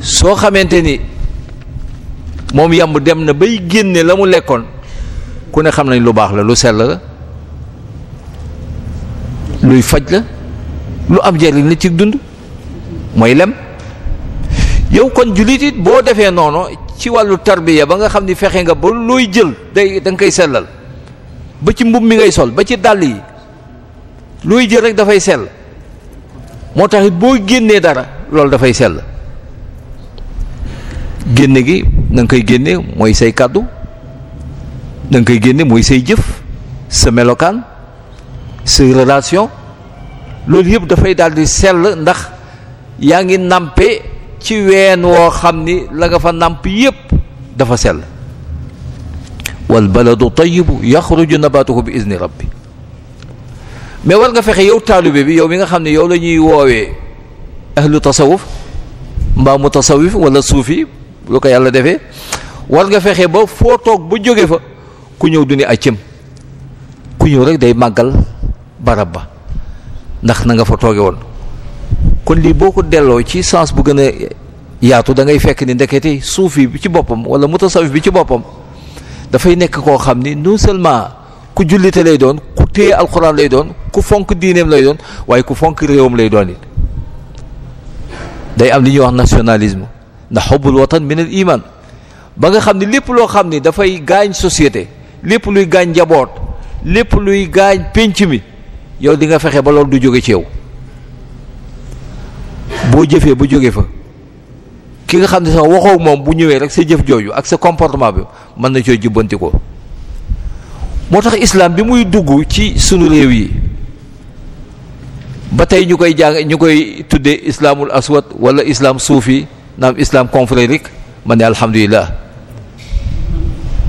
soo xamante ni moom yamb dem na bay génne la mu lekkoon ku ne xam nañ lu baax la lu sell luy faj la lu ab njariñ la ci dund mooy lem yow kon julitit boo defee noonu ci wàllu tarbiya ba nga xam ni fexe nga ba looy jël day da nga koy sellal ba ci mbubb mi ngay sol ba ci dàll yi looy jël rek dafay sell moo taxit it boo génnee dara loolu dafay sell génne gi na koy génne mooy say kàddu da koy génne mooy say jëf sa melokaan say relation loolu yëpp dafay daal di sell ndax yaa ngi nàmpe ci ween woo xam ni la nga fa nàmp yëpp dafa sell والبلد ko يخرج نباته بإذن bi mais war nga fexe yow taalibe bi yow bi nga xam ne yow la ñuy woowee ahlu tasawuf mbaa mu tasawif wala suufi lu ko yàlla defee war nga fexe ba foo toog ba jóge fa ku ñëw du ne ku ñëw rek day màggal barab ba ndax na nga fa tooge woon kon lii boo ko delloo ci sens bu gën a yaatu dangay fekk ni ndekete suufi bi ci boppam wala mutasawif bi ci boppam dafay nekk koo xam ni non seulement ku jullite lay doon ku téye alxuraan lay doon ku fonk diineem lay doon waaye ku fonk réewam lay doon it day am li ñuy wax nationalisme ndax xubbul watan min imaan ba nga xam ni lépp loo xam ni dafay gaañ société lépp luy gaañ njaboot lépp luy gaañ pénc mi yow di nga fexe ba loolu du jóge ci yow boo jëfee ba jóge fa ki nga xam ne sax waxoo moom bu ñëwee rek sa jëf jooju ak sa comportement bi mën na coo jubbanti moo tax islaam bi muy dugg ci sunu réew yi ba tey ñu koy jàng ñu koy tuddee islaamul aswad wala islam suufi islaam islam confrérique ma ne alhamdulilah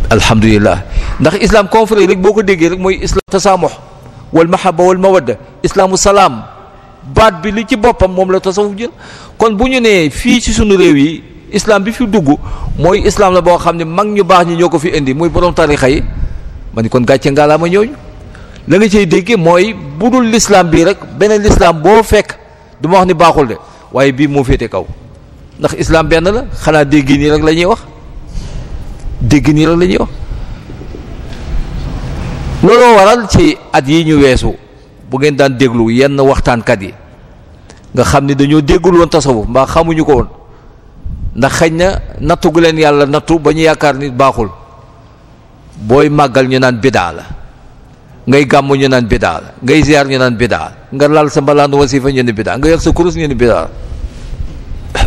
alhamdulilah ndax islam confrérique boo ko déggee rek mooy islam tasaamux wal mahaba wal mawadda islaamu salaam baat bi li ci boppam moom la tasawuf jël kon bu ñu nee fii ci sunu réew yi islaam bi fi dugg mooy islam la boo xam ne mag ñu baax ñi ñoo ko fi indi muy borom tarixa yi ma ni kon gàcce ngaalaama ñooñu la nga cay dégg mooy bu dul l'islam bii rek beneen l'islam boo fekk du ma wax ni baaxul de waaye bii moo féete kaw ndax islaam benn la xanaa dégg nii rek la ñuy wax déggi nii rek lañuy wax looloo waral ci at yi ñu weesu bu ngeen daan déglu yenn waxtaankat yi nga xam ni dañoo déggul woon tasawuf mbaa xamuñu ko woon ndax xëy na nattu gu leen yàlla nattu ba ñu yaakaar ni baaxul booy màggal ñu naan bidaa la ngay gàmm ñu naan bidaa la ngay ziar ñu naan bidaa nga lal sa mbalaanu wasifa ñu ne bidaa nga yor sa kurus ñu ne bidaa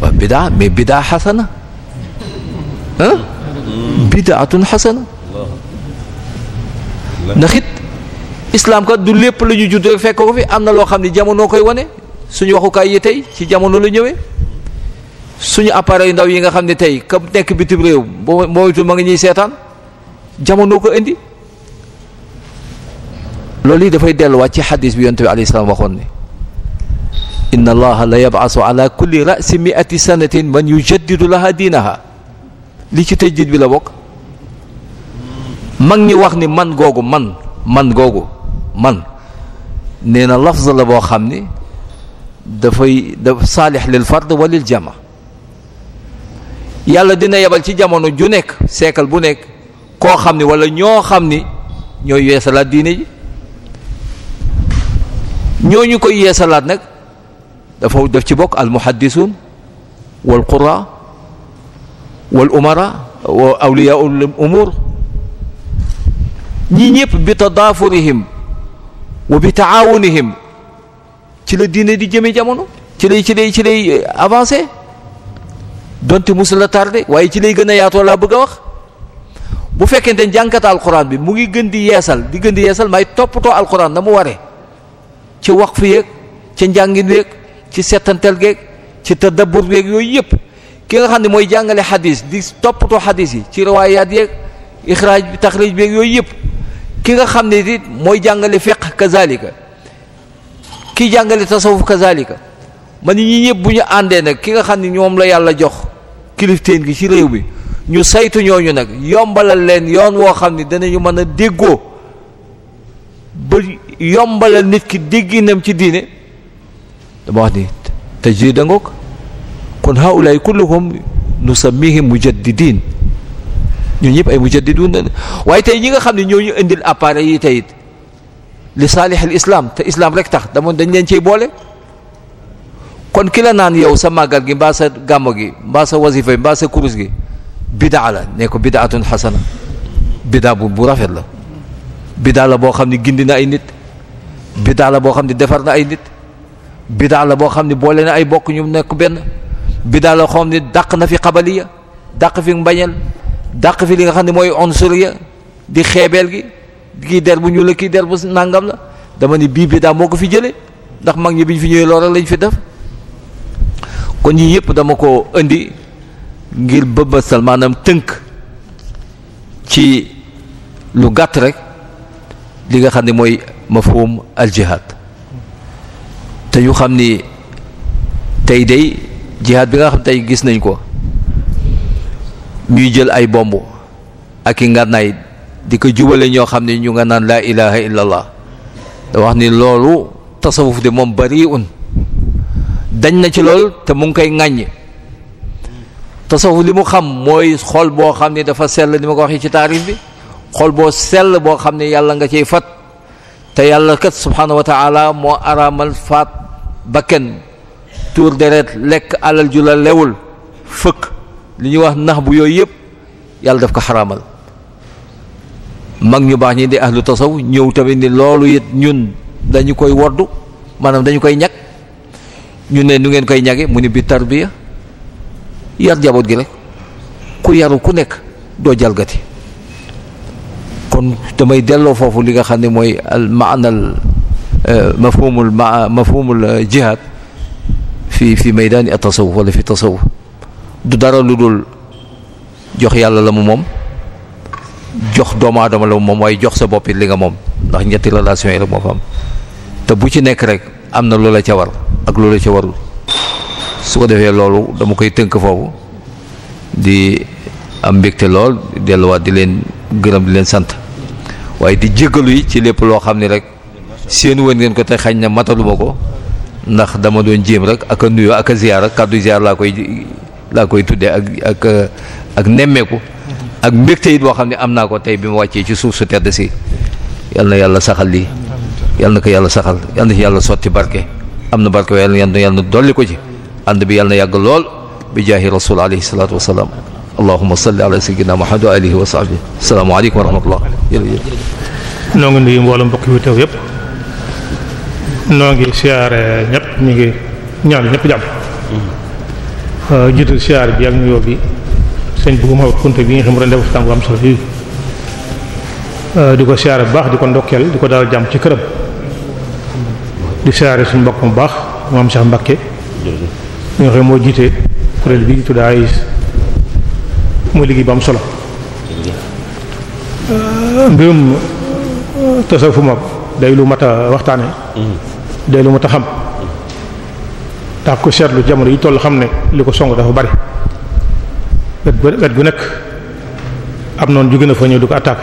waaw bidaa mais bidaa xasana ah xasana ndax islam kat du lépp la ñu judd rek fekk ko fi am na loo xam ne jamonoo koy wane suñu waxukaay yi tey ci jamono la ñëwee suñu appareil ndaw yi nga xam ne tey ka nekk bitim réew boo moytu ma ngi ñuy seetaan jamono ko indi loolu yi dafay delluwaat ci xadis bi yonte bi alayhi salaam waxoon ne inna allaha la yabaasu ala kulli rasi miati sanatin man yujaddidu laha diinaha li ci tëj dit bi la bokk mag ñi wax ni man googu man man googu man nee na lafz la boo xam ni dafay daf saalix lil fard wa jama yàlla dina yebal ci jamono ju nekk seekal bu nekk koo xam ni wala ñoo xam ni ñooy yeesalaat diine ñoo ñu koy yeesalaat nag dafa def ci bokk al muhaddisuun wal qura wal umara wa awliyaa ul umuur ñii ñëpp bi tadaafurihim wa bi taawunihim ci la diine di jëme jamono ci lay ci lay ci lay euh, avancé donte musu la tardé waaye ci lay gën a yaatoo laa bëgg a wax bu fekkee ne jànkat alquran bi mu ngi gën di yeesal di gën di yeesal may toppatoo alquran na mu waree ci waqf yeeg ci njàngin yeeg ci settantel geeg ci tadabbur yooyu yëpp ki nga xam ne mooy jàngale xadis di toppatoo xadis yi ci riwaayaat yeeg ixraaj bi taxriij beeg yooyu yëpp ki nga xam ne it mooy jàngale fiq kasaalika ki jàngale tasawuf kazalika man ñi ñëpp bu ñu àndee nag ki nga xam ne ñoom la yàlla jox kilifteen gi ci réew mi ñu saytu ñooñu nag yombalal leen yoon woo xam ne danañu mën a déggoo ba yombalal nit ki dégginam ci diine dama wax ni tajrid a ngoog kon haulaay kulluhum nusammihim mujaddidin ñoo ñëpp ay mujaddidun na waaye tey ñi nga xam ne ñooñu indil appareil yi tey li saalih al islam te islam rek tax damoon dañ leen ciy boole kon ki la naan yow sa màggal gi mbaa sa gi mbaa sa wasifa kurus gi bidaa la ne ko bidaatun xasana bidaa bu rafet la bidaa la boo xam ne gindi na ay nit bidaa boo xam ne defar na ay nit bidaa la boo xam ne boole na ay bokk ñu nekk benn bidaa la xam ne dàq na fi xabaliya dàq fi mbañeel dàq fi li nga xam ne mooy onsur ya di xeebeel gi kii der bu ñuul la kii der bu nàngam la dama ni bii bi daa moo ko fi jële ndax mag ñi bi ñu fi ñëwee loola lañ fi def kon ñii yëpp dama ko indi ngir bëbësal maanaam tënk ci lu gàtt rek li nga xam ne mooy mafhum al jihad te ñu xam ni tey day jihad bi nga xam tey gis nañ ko ñuy jël ay bomb ak i ngànnaay di ko jubale ñoo xam ne ñu nga naan laa ilaha illa allah da wax ni loolu tasawuf di moom bari un dañ na ci lool te mu ngi koy ŋàññ tasawuf li mu xam mooy xol boo xam ne dafa sell ni ma ko waxee ci taarif bi xol boo sell boo xam ne yàlla nga ciy fat te yàlla kat subhaanahu wa taala moo araamal faat bakken tuur deret lekk alal ju la lewul fëkk li ñuy wax nax bu yooyu yëpp yàlla daf ko xaraamal mag ñu baax ñi di ahlu tasaw ñëw tamit ni loolu it ñun dañu koy woddu maanaam dañu koy ñag ñu ne nu ngeen koy ñage mu ni bi tarbiya yar jaboot gi rek ku yaru ku nekk doo jalgati kon damay delloo foofu li nga xam ne mooy al maanal euh, mafhumul mafhumul jihaad fi fi maydani at tasawuf walla fi tasawuf du dara lu dul jox yàlla la mu moom jox doomu aadama la mu moom waaye jox sa bopp li nga moom ndax ñetti relation yi rek moo fa am te bu ci nekk rek am na lu la ca war ak lu la ca warul su ko defee loolu dama koy tënk foofu di am mbégte lool delluwaat di leen gërëm di leen sant waaye di jéggalu yi ci lépp loo xam ne rek seen woon ngeen ko te xañ na mataluma ko ndax dama doon jéem rek aka a nuyoo ak a ak kàddu ziyaar laa koy laa koy tuddee ak ak ak nemmeeku ak mbégte it boo xam ne am naa ko tey bi ma wàccee ci suuf su tedd si yal na yàlla saxal lii yal na ko yàlla saxal yal ci yàlla sotti barke am na barke waaye yal yàlla dolli ko ci ànd bi yàlla na yàgg lool bi jaahi rasul alayhi salaatu wa salaam allahuma salli ala sayyidina muhammad wa alihi wa sahbihi asalaamaaleykum wa rahmatullah noo ngi nuyu mbooloo mbokk yu teew yëpp noo ngi siyaare ñëpp ñu ñaan ñëpp jàmm Euh, jiital siyaar bi ak nuyoo bi sëñ bu Mouhamed Kounta bi nga xam ne ren def waxtaan bu am solo fii euh, di ko siyaare bu baax di ko ndokkeel di ko daal jàmm ci këram di siyaare suñu mbokk mu baax moom Cheikh Mbacke ñu nga xam moo jiite kuréel bi tudd AIS muy liggéey bu am solo euh, mbirum tasawuf moom day lu mat a waxtaane mm-hmm. day lu mat a xam ndax ku seetlu jamono yi toll xam ne li ko song dafa bari wet gu wet gu nekk am noonu jóge na fa ñëw di ko attaqué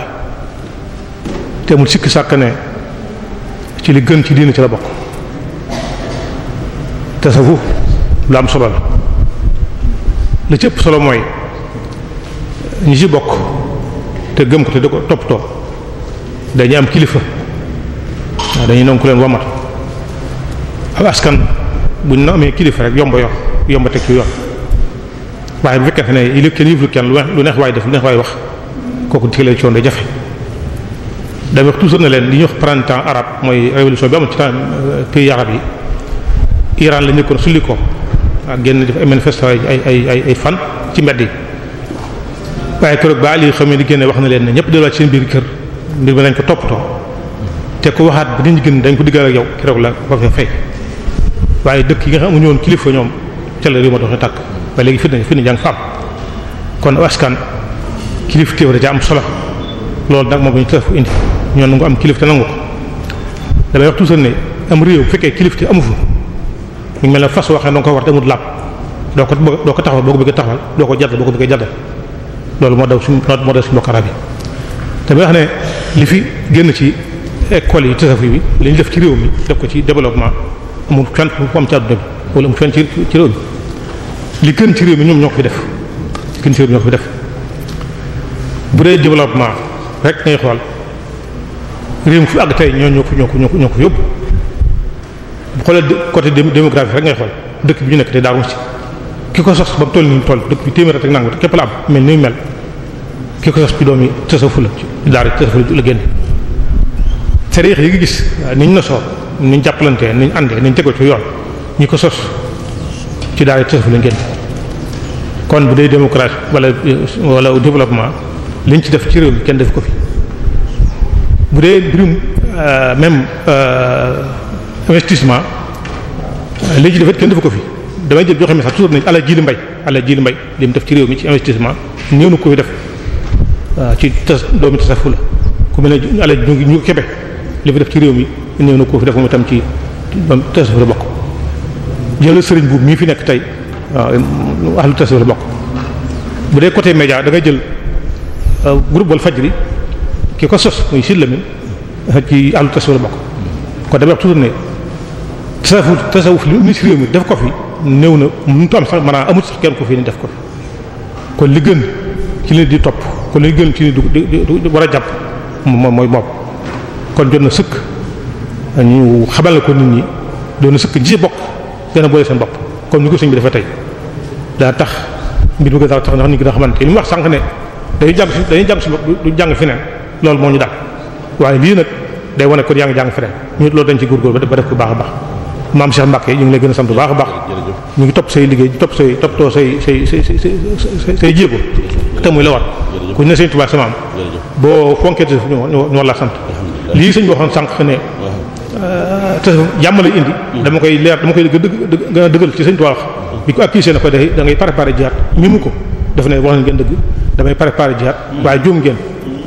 te mu sikki sàkk ne ci li gën ci diina ci la bokk tasawu lu am solo la li ci ëpp solo mooy ñu ci bokk te gëm ko te di ko toppatoo dañuy am kilifa waaw dañuy nangu ku leen wamat ak askan bu ñu amee kilifa rek yomb yor yomb teg ci yor waaye bu fekkente ne il kenn yëflu kenn lu neex waaye def lu neex waay wax kooku digalee coon day jafe. damay wax toujours ne leen li ñu wax printemps arab mooy révolution bi amul ci temps euh, pays arabe yi Iran la ñu ko sulli ko ak génn def ay manifestation ay ay ay ay fan ci mbedd yi waaye keroog ba Ali xam ne di génne wax na leen ne ñëpp delluwaat seen biir kër mbir mi lañ ko toppatoo te ku waxaat bu nit ñi dañ ko diggal ak yow waaye dëkk yi nga xam amuñu woon kilifa ñoom ca la réew ma doxee tàkk ba léegi fitna fitna jàng fa am kon askan kilif téew da ca am solo loolu nag moom ñu tëf indi ñoo nangu am kilif te nangu ko damay wax toujours ne am réew bu fekkee kilif te amu fa ñu mel ne fas waxee danga ko war te amul làpp doo ko doo ko taxawal boo ko bëggee taxawal doo ko jaddal boo ko bëggee jaddal loolu moo daw suñu moo daw suñu mbokk arab yi damay wax ne li fi génn ci école yi tasawuf bi def ci réew mi def ci développement amul fenn fu am ci àdduna bi wala amul fenn ci réew mi li gën ci réew bi ñoom ñoo ko fi def li gën ci réew mi ñoo ko fi def bu dee développement rek ngay xool réew mi fu ñoo ñoo ko ñoo ko ñoo ko yóbbu bu xoolee côté démographie rek ngay dëkk bi ñu nekk tey daawu ci ki ko sos ba mu toll nii toll dëkk bi téeméer rek nangu képp la am mel ni mel ki ko sos ci doom yi tësafu la ci daara tësafu la génn. tere yi nga gis ni ñu na soo nuñ jàppalantee nuñ àndee nuñ tegoo ci yoon ñi ko sos ci daara ci sos lañ génn kon bu dee démocratie wala wala développement liñ ci def ci réew mi kenn def ko fi bu dee mbirum euh, même euh, investissement li ci defet kenn def ko fi damay jël joxe sax toujours nañ ala jili mbay ala jili mbay li def ci réew mi ci investissement néew na ko fi def ci tas doomi tasafula ku mel ne ala ñu ngi ñu kebe li mu def ci réew mi néew na koo fi def moom itam ci tasawuf la bokk jël sëriñ bu mii fi nekk tey waaw ahlu tasawuf la bokk bu dee côté média da ngay jël euh, groupe faj fajri ki ko sos muy Sidi euh, ci ahlu tasawuf la bokk kon damay wax toujours ne tasawuf mi def ko fi néew na mënu am sax maanaam amut sax kenn ko fi ni def ko fi kon li gën ci li di topp kon li gën ci li di war a jàpp moom mooy moom kon jot na sëkk ñu xamal ko nit ñi doon sëkk ji bokk gën a boole seen bopp comme ni ko sëñ bi dafa tey daa tax mbir mi daal tax ndax nit ñi nga xamante li mu wax sànq ne dañuy jàng dañuy jàng si du jàng feneen loolu moo ñu dal waaye lii nag day wane ko yaa ngi jàng feneen ñu loolu dañ ci góorgóorlu ba def ko baax a baax maam Cheikh Mbacke ñu ngi lay gën a sant bu baax a baax ñu ngi topp say liggéey topp say toppatoo say say say say say te muy la war ku ne sëñ Tuubaa sama am boo fonkee ñu war laa sant lii sëñ bi waxoon sànq ne Euh, te jàmm la indi. dama koy leer dama koy dëgg gën a dëggal ci sëñ Tuubaa wax. bi ko accusé na ko de da ngay préparé jihaad ñimu ko daf ne wax nañ ngeen dëgg damay préparé jihaad waaye juum ngeen.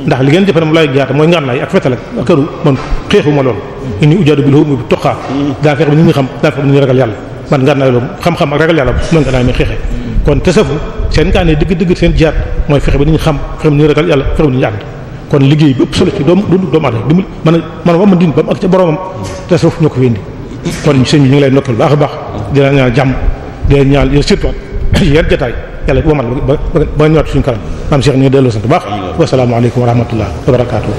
ndax li ngeen jëfandikoo mu lay jihaad mooy ngànnaay ak fetal ak këru man xeexuma loolu. inni ujaadu bil hurmi bi toqaa. daa fexe ba ñu ngi xam daa fexe ba ñu ragal yàlla man ngànnaay loolu xam-xam ak ragal yàlla mën nga naa mi xeexee. kon te safu seen kaane dëgg-dëgg seen jihaad mooy fexe ba ñu xam fexe ba yàlla fexe ba kon liggéey bi solo ci doom dundu doomu aadama dimbali mën a mën a wam din ba mu ak ca boromam te suuf ñoo ko fi indi kon sëñ bi ñu ngi lay noppal baax a baax di la ñaan jàmm di la ñaan yéen surtout yéen jotaay yàlla wamal ba ba ñëwaat suñu kanam maam Cheikh ñu ngi delloo sant baax wasalaamaaleykum wa rahmatullah wa barakaatu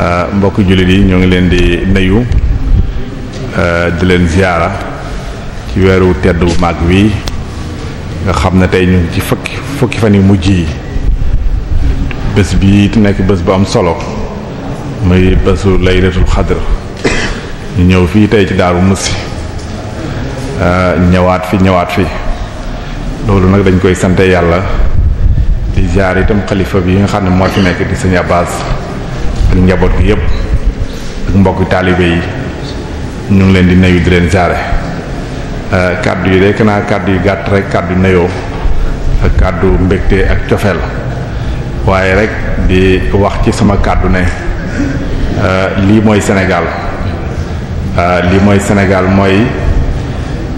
euh, mbokk jullit yi ñoo ngi leen di nuyu euh, di leen ziyaara ci weeru tedd bu mag wi nga xam ne tey ñu ci fukki fukki fan yu yi bés bii nekk bés bu am solo muy bésu laylatul xadr ñu ñëw fii tey ci Daaru Musi ah, ñëwaat fi ñëwaat fi loolu nag dañ koy sante yàlla di jaar itam xalifa bi yi nga xam ne moo ci nekk di sëñ Abbas ak njaboot gi yépp ak mbokki taalibe yi ñu ngi leen di nuyu di leen jaare ah, kàddu yi rek naa kàddu yu gàtt rek kàddu nuyoo ak kàddu mbégte ak cofeel waaye rek di wax ci sama kàddu ne euh, lii mooy senegaal euh, lii mooy senegaal mooy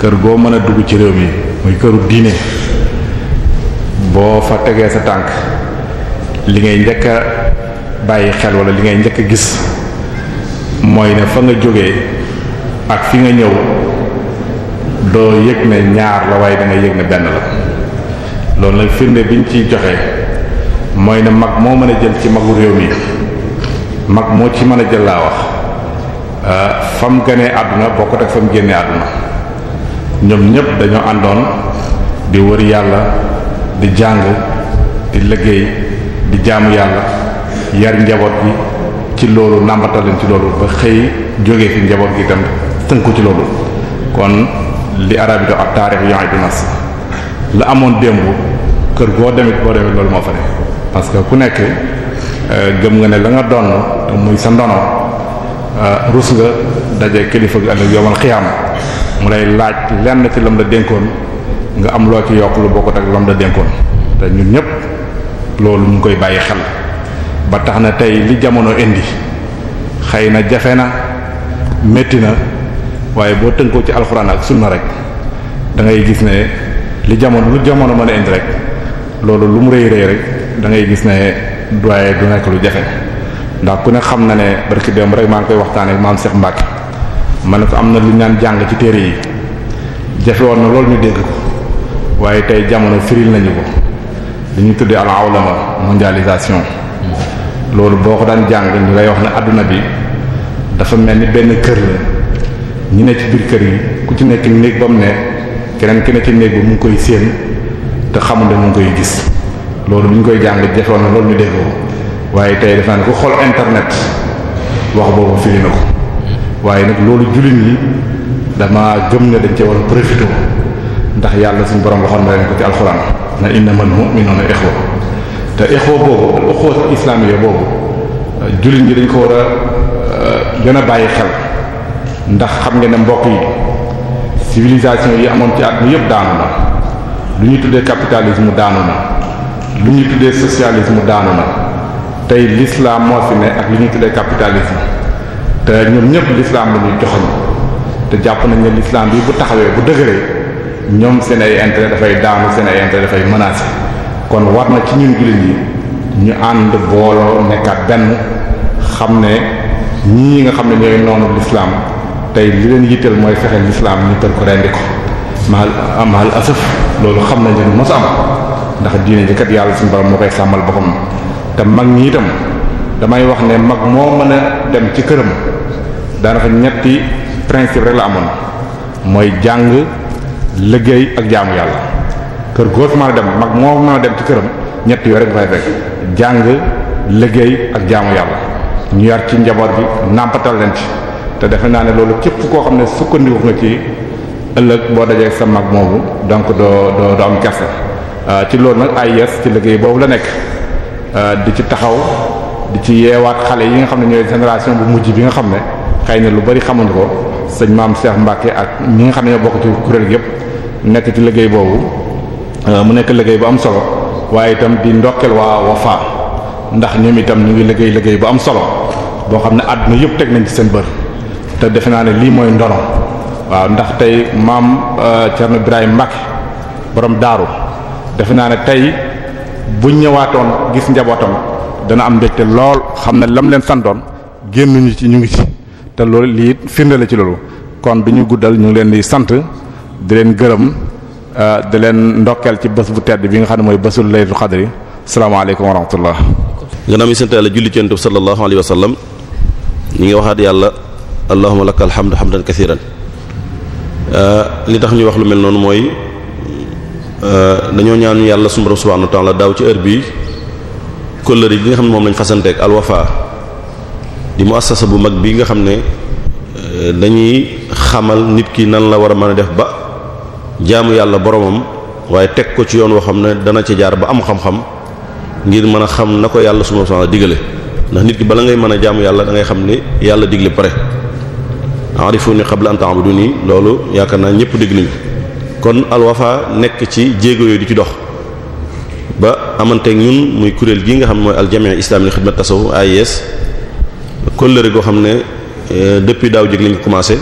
kër goo mën a dugg ci réew mi muy këru diine boo fa tegee sa tànk li ngay njëkk a bàyyi xel wala li ngay njëkk a gis mooy ne fa nga jóge ak fi nga ñëw doo yëg ne ñaar la waaye da nga yëg ne benn la loolu nag firnde biñ ciy joxe. mooy ne mag moo mën a jël ci magu réew mi mag moo ci mën a jël laa wax euh, fam ganee àdduna bokkut ak fam génnee àdduna ñoom ñépp dañoo àndoon di wër yàlla di jàng di liggéey di jaamu yàlla yar njaboot bi ci loolu nàmbatal leen ci loolu ba xëy jógee fi njaboot gi dem tënku ci loolu kon li arab yi dox ak taarix yi du nas la amoon démb kër goo demit boo demit loolu moo fa ne parce que ku nekk euh, gëm nga ne la nga doon muy sa ndono euh, rus nga daje kilifa gi ëllëg yomal xiyam mu lay laaj lenn ci lam la dénkoon nga am loo ci yokk lu bokkut ak lam la dénkoon te ñun ñëpp loolu mu koy bàyyi xel ba tax na tey li jamono indi xëy na jafe na métti na waaye boo tënkoo ci alxuraan ak sunna rek dangay gis ne li jamono lu jamono mën a indi rek loolu lu mu rëy rëy rek. da ngay gis ne doye du nekk lu jafe ndax ku ne xam na ne barki démb rek maa ngi koy waxtaanee maam seex Mbacke ma ne ko am na lu ñaan jàng ci téere yi jafe woon na loolu ñu dégg ko waaye tey jamono firil lañu ko lu ñu tuddee al awlama mondialisation loolu boo ko daan jàng ñu lay wax ne àdduna bi dafa mel ni benn kër la ñu ne ci biir kër yi ku ci nekk néeg ba mu ne keneen ki ne ci néeg bi mu ngi koy séen te xamul ne mu ngi koy gis loolu bi koy jàng jafewoon na loolu ñu dégg ko waaye tey def naa ne ku xool internet wax boobu firi na ko waaye nag loolu jullit ñi dama gëm ne dañ cee war a ndax yàlla suñu borom waxoon na leen ko ci alxuraan na man innamal mu'minuna ikhwa te ikhwa boobu ikhwa islamiyya boobu jullit ñi dañ ko war a euh, gën a bàyyi xel ndax xam ngeen ne mbokk yi civilisation yi amoon ci at mi yëpp daanu na lu ñuy tuddee capitalisme daanu na lu ñu tuddee socialisme daanu na tey l'islam moo fi ne ak lu ñu tuddee capitalisme te ñoom ñëpp l'islam la ñuy joxoñ te jàpp nañ ne l'islam bi bu taxawee bu dëgëree ñoom seen ay intérêt dafay daanu seen ay intérêt dafay menacé kon war na ci ñun jullit ñi ñu ànd booloo nekkaat benn xam ne ñii nga xam ne ñooy noonu l'islam tey li leen yitteel mooy fexe l'islam ñu tër ko rendi ko maal amal asaf loolu xam nañ ne mos am ndax diine ji kat yàlla suñu borom moo koy sàmmal boppam te mag ñi itam damay wax ne mag moo mën a dem ci këram daanaka ñetti principe rek la amoon mooy jàng liggéey ak jaamu yàlla kër goo fi mën dem mag moo mën a dem ci këram ñetti yooyu rek nga fay fekk jàng liggéey ak jaamu yàlla ñu yar ci njaboot bi nàmpatal leen ci te defe naa ne loolu képp koo xam ne sukkandiku nga ci ëllëg boo dajee sa mag moomu donc doo doo doo am kersa Euh, ci loolu nag ay AIS ci liggéey boobu la nekk euh, di ci taxaw di ci yeewaat xale yi nga xam ne ñooy génération bu mujj bi nga xam ne xëy na lu bari xamuñ ko sëñ maam Cheikh Mbacke ak ñi nga xam ne ñoo bokk ci kuréel yépp nekk ci liggéey boobu euh, mu nekk liggéey bu am solo waaye itam di ndokkeel waa Wafa ndax ñoom itam ñu ngi liggéey liggéey bu am solo boo xam ne àdduna yépp teg nañ ci seen bër te defe naa ne lii mooy ndono waaw ndax tey maam Thierno Ibrahim Mbacke borom daaru defe naa ne tey bu ñëwaatoon gis njabootam dana am mbégte lool xam ne lam leen santoon génnuñu ci ñu ngi ci te loolu lii firnde la ci loolu kon du ñu guddal ñu ngi leen di sant di leen gërëm euh, di leen ndokkeel ci bés bu tedd bi nga xam ne mooy bésul laylatul xadri salaamaaleykum wa rahmatullah gannaaw mi sant yàlla julli ci sallallahu alayhi wa sallam ñi ngi waxaat yàlla allahumma lakal hamdu hamdan kasiran euh, li tax ñu wax lu mel noonu mooy Euh, dañoo ñaan yàlla suñu borom subhanahu wa ta'ala daaw ci heure bi kóllëre gi nga xam ne moom lañ fasanteek Al Wafa di muassasa bu mag bi nga xam ne euh, dañuy xamal nit ki nan la war a mën a def ba jaamu yàlla boromam waaye teg ko ci yoon woo xam ne dana ca jaar ba am xam-xam ngir mën a xam na ko yàlla suñu borom subhanahu wa digale ndax nit ki bala ngay mën a jaamu yàlla da ngay xam ni yàlla digle pare arifuni qabla an ta'buduni loolu yaakaar naa ñëpp dégg kon alwafa nekk ci jéego yooyu di ci dox ba amanteeg ñun muy kuréel gii nga xam ne mooy aljamia islami li xidmat tasaw AIS kóllëre goo xam ne euh, depuis daaw jég lañ ko commencé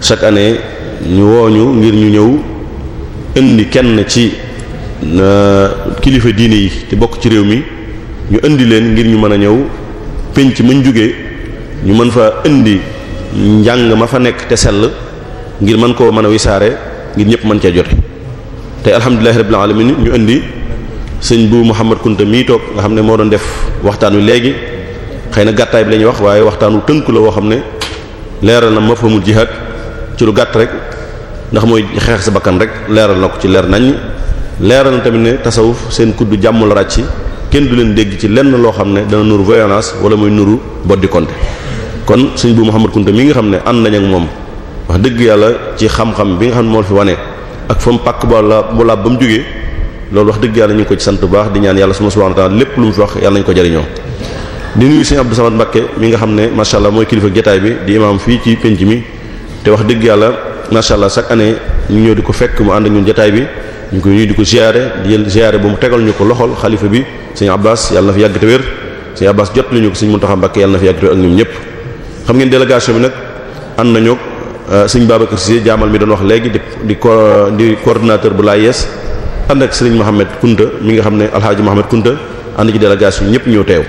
chaque année ñu woo ñu ngir ñu ñëw indi kenn ci euh, kilifa diine yi te bokk ci réew mi ñu indi leen ngir ñu mën a ñëw penc mañ jógee ñu mën fa indi njàng ma fa nekk te sell ngir mën koo mën a wisaare ngir ñëpp mën cee jote tey alhamdulillahi rabbil alamin ñu indi sëñ bu Mouhamad Kunta mii toog nga xam ne moo doon def waxtaan wi léegi xëy na gàttaay bi la wax waaye waxtaan wu tënku la woo xam ne leeral na mu jihad ci lu gàtt rek ndax mooy xeex sa bakkan rek leeral na ko ci leer nañ leeral na tamit ne tasawuf seen kuddu jàmm la ràcc kenn du leen dégg ci lenn loo xam ne dana nuru violence wala muy nuru boddi kon sëñ bu Mouhamad Kunta mi nga xam ne ànd nañ ak moom wax dëgg yàlla ci xam-xam bi nga xam ne moo fi wane ak fa mu pàkk ba la bu laab ba mu jógee loolu wax dëgg yàlla ñu ko ci sant bu baax di ñaan yàlla subhanahu wa ta'ala lépp lu mu fi wax yàlla nañu ko jëriñoo di nuyu sëñ Abdou Samad mi nga xam ne macha allah mooy kilifa jotaay bi di imaam fii ci penc mi te wax dëgg yàlla macha allah chaque année ñu ñëw di ko fekk mu ànd ak ñun jotaay bi ñu ko ñuy di ko ziare di jël ba mu tegal ñu ko loxol xalifa bi sëñ Abbas yàlla na fi yàgg te wér sëñ Abbas jot li ñu ko sëñ Mountakha Mbacké yàlla na fi yàgg te ak ñoom ñëpp xam ngeen délégation bi Euh, sëñ Babacar si jaamal mi doon wax léegi di ko di coordonnateur bu laa yees ànd ak sëriñ Mohamed Kunta mi ngi xam ne alhaaji Mohamed Kunta ànd ci délégation ñëpp ñëw teew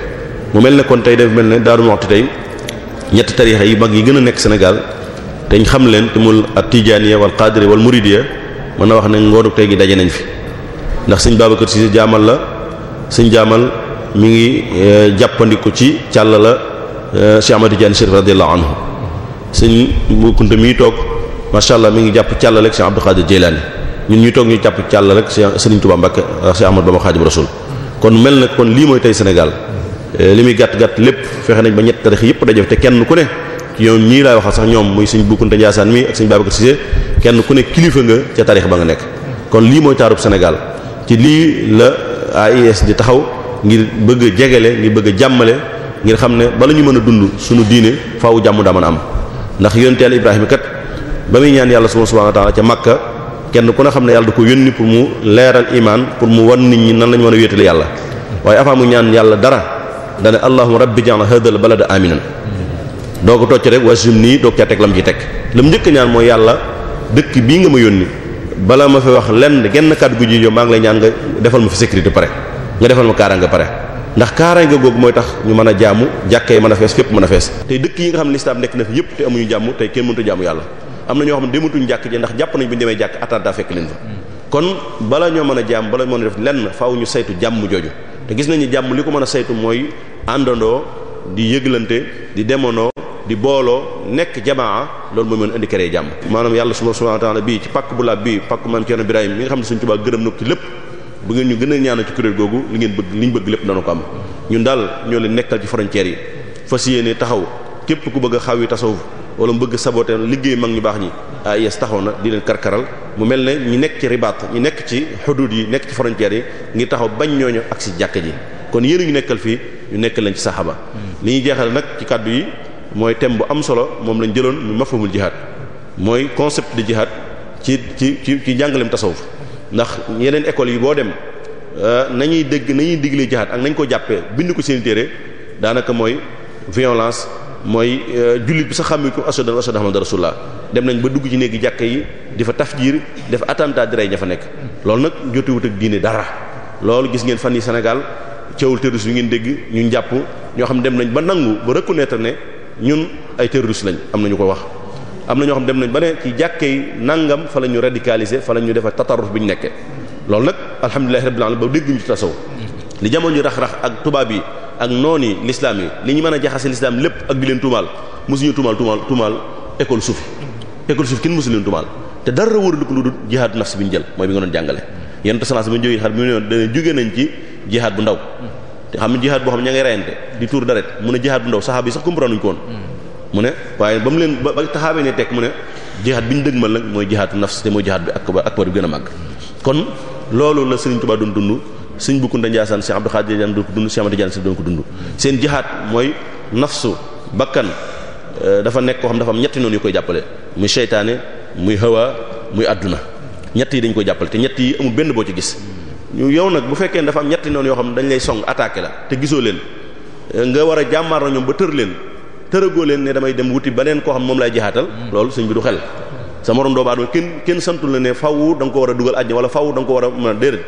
mu mel ne kon tey daf mel ne Darou Moukhty tey ñetti tarixa yi mag yi gën a nekk senegal te ñu xam leen te mul at tijaaniya wal qadiri wal muridiya mën na wax ne ngoonu tey gi daje nañ fi ndax sëñ Babacar si jaamal la sëñ jaamal mi ngi euh, jàppandiku ci càll la euh, Cheikh Ahmad Tidiane sëñ bu kunta mii toog macha allah mi ngi jàpp càll rek Cheikh Abdou Khadir Jilani ñun ñu toog ñu jàpp càll rek Serigne Touba Mbacké Cheikh Ahmad Bamba Khadim Rasul kon mel na kon lii mooy tey Sénégal eh, li muy gàtt gàtt lépp fexe nañ ba ñett tarix yëpp dajef te kenn ku ne ñoom ñii laay waxal sax ñoom muy sëñ bu kunta Ndiassane mi ak sëñ Babacar kenn ku ne kilifa nga ca tarix ba nga nekk kon lii mooy taaru Sénégal ci lii la AIS di taxaw ngir bëgg a jegele ngir bëgg a jàmmale ngir xam ne bala ñu mën a dund suñu diine faw jàmm daa mën am ndax yónni yàlla Ibrahima kat ba muy ñaan yàlla subhaanahu wa ta'ala ca Makka kenn ku ne xam ne yàlla da ko yónni pour mu leeral imaan pour mu wan nit ñi nan la ñu mën a wéetale yàlla waaye avant mu ñaan yàlla dara dana allahumma rabbi ja'al hadal balada aminan doo ko tocc rek wasum nii doo caa teg lam ci teg lam njëkk ñaan mooy yàlla dëkk bii nga ma yónni bala ma fi wax lenn genn kàddu gu ji maa ngi lay ñaan nga defal ma fi sécurité pare nga defal ma kaaraange pare ndax kaaraange googu mooy tax ñu mën a jaamu jàkkee mën a fees fépp mën a fees tey dëkk yi nga xam ne lislaam nekk na fi yëpp te amuñu jàmm tey kenn mënta jaamu yàlla am na ñoo xam ne dematuñu jàkk ji ndax jàpp nañu bu ñu demee jàkk attentat fekk leen fa kon bala ñoo mën a jàmm bala ñoo mën a def lenn faw ñu saytu jàmm jooju te gis nañu jàmm li ko mën a saytu mooy àndandoo di yëglante di demandoo di booloo nekk jamaa loolu mooy mën indi këree jàmm maanaam yàlla subhanahu wa ta'ala bii ci pàkk bu laab nga xam ne suñu Tuubaa gërëm na lépp bu ngeen ñu gën a ñaanal ci kuréel googu li ngeen bëgg li ñu bëgg lépp dana ko am ñun daal ñoo leen nekkal ci frontières yi fas yéene taxaw képp ku bëgg a xaw yi tasawuf wala mu bëgg saboté liggéey mag ñu baax ñi AIS taxaw na di leen karkaral mu mel ne ñu nekk ci ribaat ñu nekk ci xuduud yi nekk ci frontières yi ngir taxaw bañ ñooñu ak si jàkka ji kon yéen ñu nekkal fii ñu nekk leen ci saxaba hmm. li ñu jeexal nag ci kàddu yi mooy thème bu am solo moom lañ jëloon mu mafhumul jihad mooy concept de jihad ci ci ci ci njàngaleem tasawuf ndax yeneen écoles yi boo dem euh, nañuy dégg nañuy digle jihaad ak nañ ko jàppee bind ko seen téere daanaka mooy violence mooy euh, jullit bi sa xamni ko ashadan wa ashhadu muhammadar rasulullah dem nañ ba dugg ci néegi jàkka yi di fa jiir def attentat di rey ña fa nekk loolu nag jotiwut ak diine dara loolu gis ngeen fan yi Sénégal cawul terroriste yu ngeen dégg ñun jàpp ñoo xam dem nañ ba nangu ba reconnaître ne ñun ay terroriste lañ am nañu ko wax am na ñoo xam dem nañ ba ne ci jàkkee nangam fa la ñu radicaliser fa la ñu defal tatarruf bi ñu nekkee loolu nag alhamdulillahi la alamin ba dégg ñu ci tasaw li jamono ji rax-rax ak tubaab yi ak noon yi l'islam yi li ñu mën a jaxase l'islam lépp ak di leen tuumaal mosuñu tuumaal tuumaal tuumaal école suufi école suufi kenn mosu leen tuumaal te dara wóorul ko lu dul jihaad nafs bi ñu jël mooy bi nga doon jàngale yenn tasalaas bi ñu jógee xar bi mu ne jógee nañ ci boo xam ne ña ngay reyante di tuur deret mun a jihaad bu ndaw saxaaba yi sax comprendre mu ne waaye ba mu leen ba taxaawee ne tekk mu ne jihaat bi ñu dëgmal nag mooy jihaatu nafs te mooy jihaat bi akbar akbar bi gën a màgg kon loolu la Serigne Touba doon dund Serigne Bou Kounta Ndiassane Cheikh Abdou Khadir Diané doon ko dund Cheikh Amadou Diané ko dund seen jihaat mooy nafsu bakkan euh, dafa nekk koo xam dafa am ñetti noonu yu koy jàppale muy seytaane muy hawa muy àdduna ñett yi dañ koy jàppale te ñett yi amul benn boo ci gis ñu yow nag bu fekkee dafa am ñetti noonu yoo xam dañ lay song attaqué la te gisoo leen euh, nga war a jàmmaar ñoom ba tër leen tërëgoo leen ne damay dem wuti beneen koo xam moom lay jihaatal mm. loolu sëñ bi du xel sa morom doomu aadama kenn santu santul la ne faw da nga ko war a dugal àjjana wala faw da ko war a mën a déedéet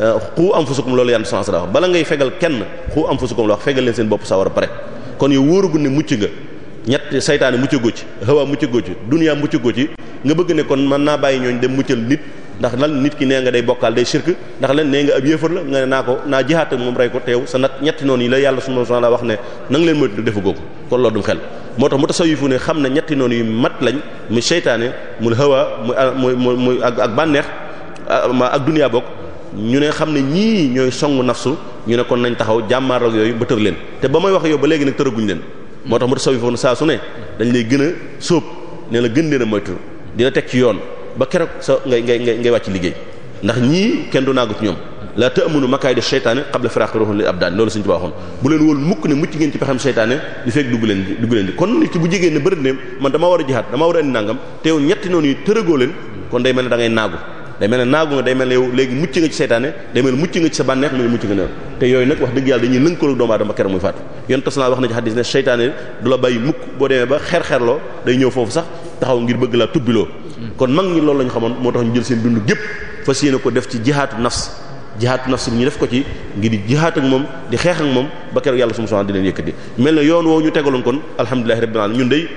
euh, xuu anfusukum loolu yan bala ngay fegal kenn xuu anfusukum la wax fegal leen seen bopp sawar war a pare kon yow wóorugul ne mucc nga ñett saytaane muccagoo ci xawa muccagoo ci duniyaa muccagoo ci nga bëgg ne kon mën naa bàyyi ñooñ dem muccal nit ndax lan nit ki nee nga day bokkaal day shirk ndax lan nee nga ab yéefar la nga ne naa ko naa jihaat ak moom rey ko teew sa nat ñetti noonu yi la yàlla subhanahu wa ta'ala wax na nga leen moytu defu googu kon loolu dum xel moo tax mu tasawifu ne xam ne ñetti noonu yu mat lañ mu seytaane mu hawa mu mu mu ak bànneex ah, ak dunia bokk ñu ne xam ne ñii ñooy songu nafsu ñu ne nañ taxaw jàmmaar yooyu ba leen te ba may wax yow ba léegi nag tëraguñ leen moo tax mu saa su ne dañ lay gën a sóob nee la gën leen a moytu dina teg ci yoon ba keroog sa ngay ngay ngay ngay wàcc liggéey ndax ñii kenn du naagu ci ñoom la ta'munu makaayida shaytaani qabla firaaqi ruuhi lil abdaan loolu suñu ci waxoon bu leen woon mukk ne mucc ngeen ci pexem shaytaane di fekk dugg leen dugg leen di kon nit ki bu jegee ne bërët ne man damaa war a jihaad damaa war a indi nangam teew ñetti noonu yi tërëgoo leen kon day mel ne da ngay naagu day mel ne naagu nga day mel ne yow léegi mucc nga ci seytaane day mel mucc nga ci sa bànneex mu ne mucc nga ne te yooyu nag wax dëgg yàlla dañuy lënkaloo na ci xadis ne seytaane du ba xer-xerloo day ñëw foofu sax taxaw ngir bëgg la tubbiloo kon mag ñi loolu lañ xamoon moo tax ñu jël seen dund gépp fas yéene ko def ci jihaatu nafs jihaatu nafs bi ñu def ko ci ngir di jihaat ak moom di xeex ak moom ba keroog yàlla subhanahu wa ta'ala di leen yëkkati mel na yoon woo ñu tegaloon kon alhamdulillahi rabbil alamin ñun day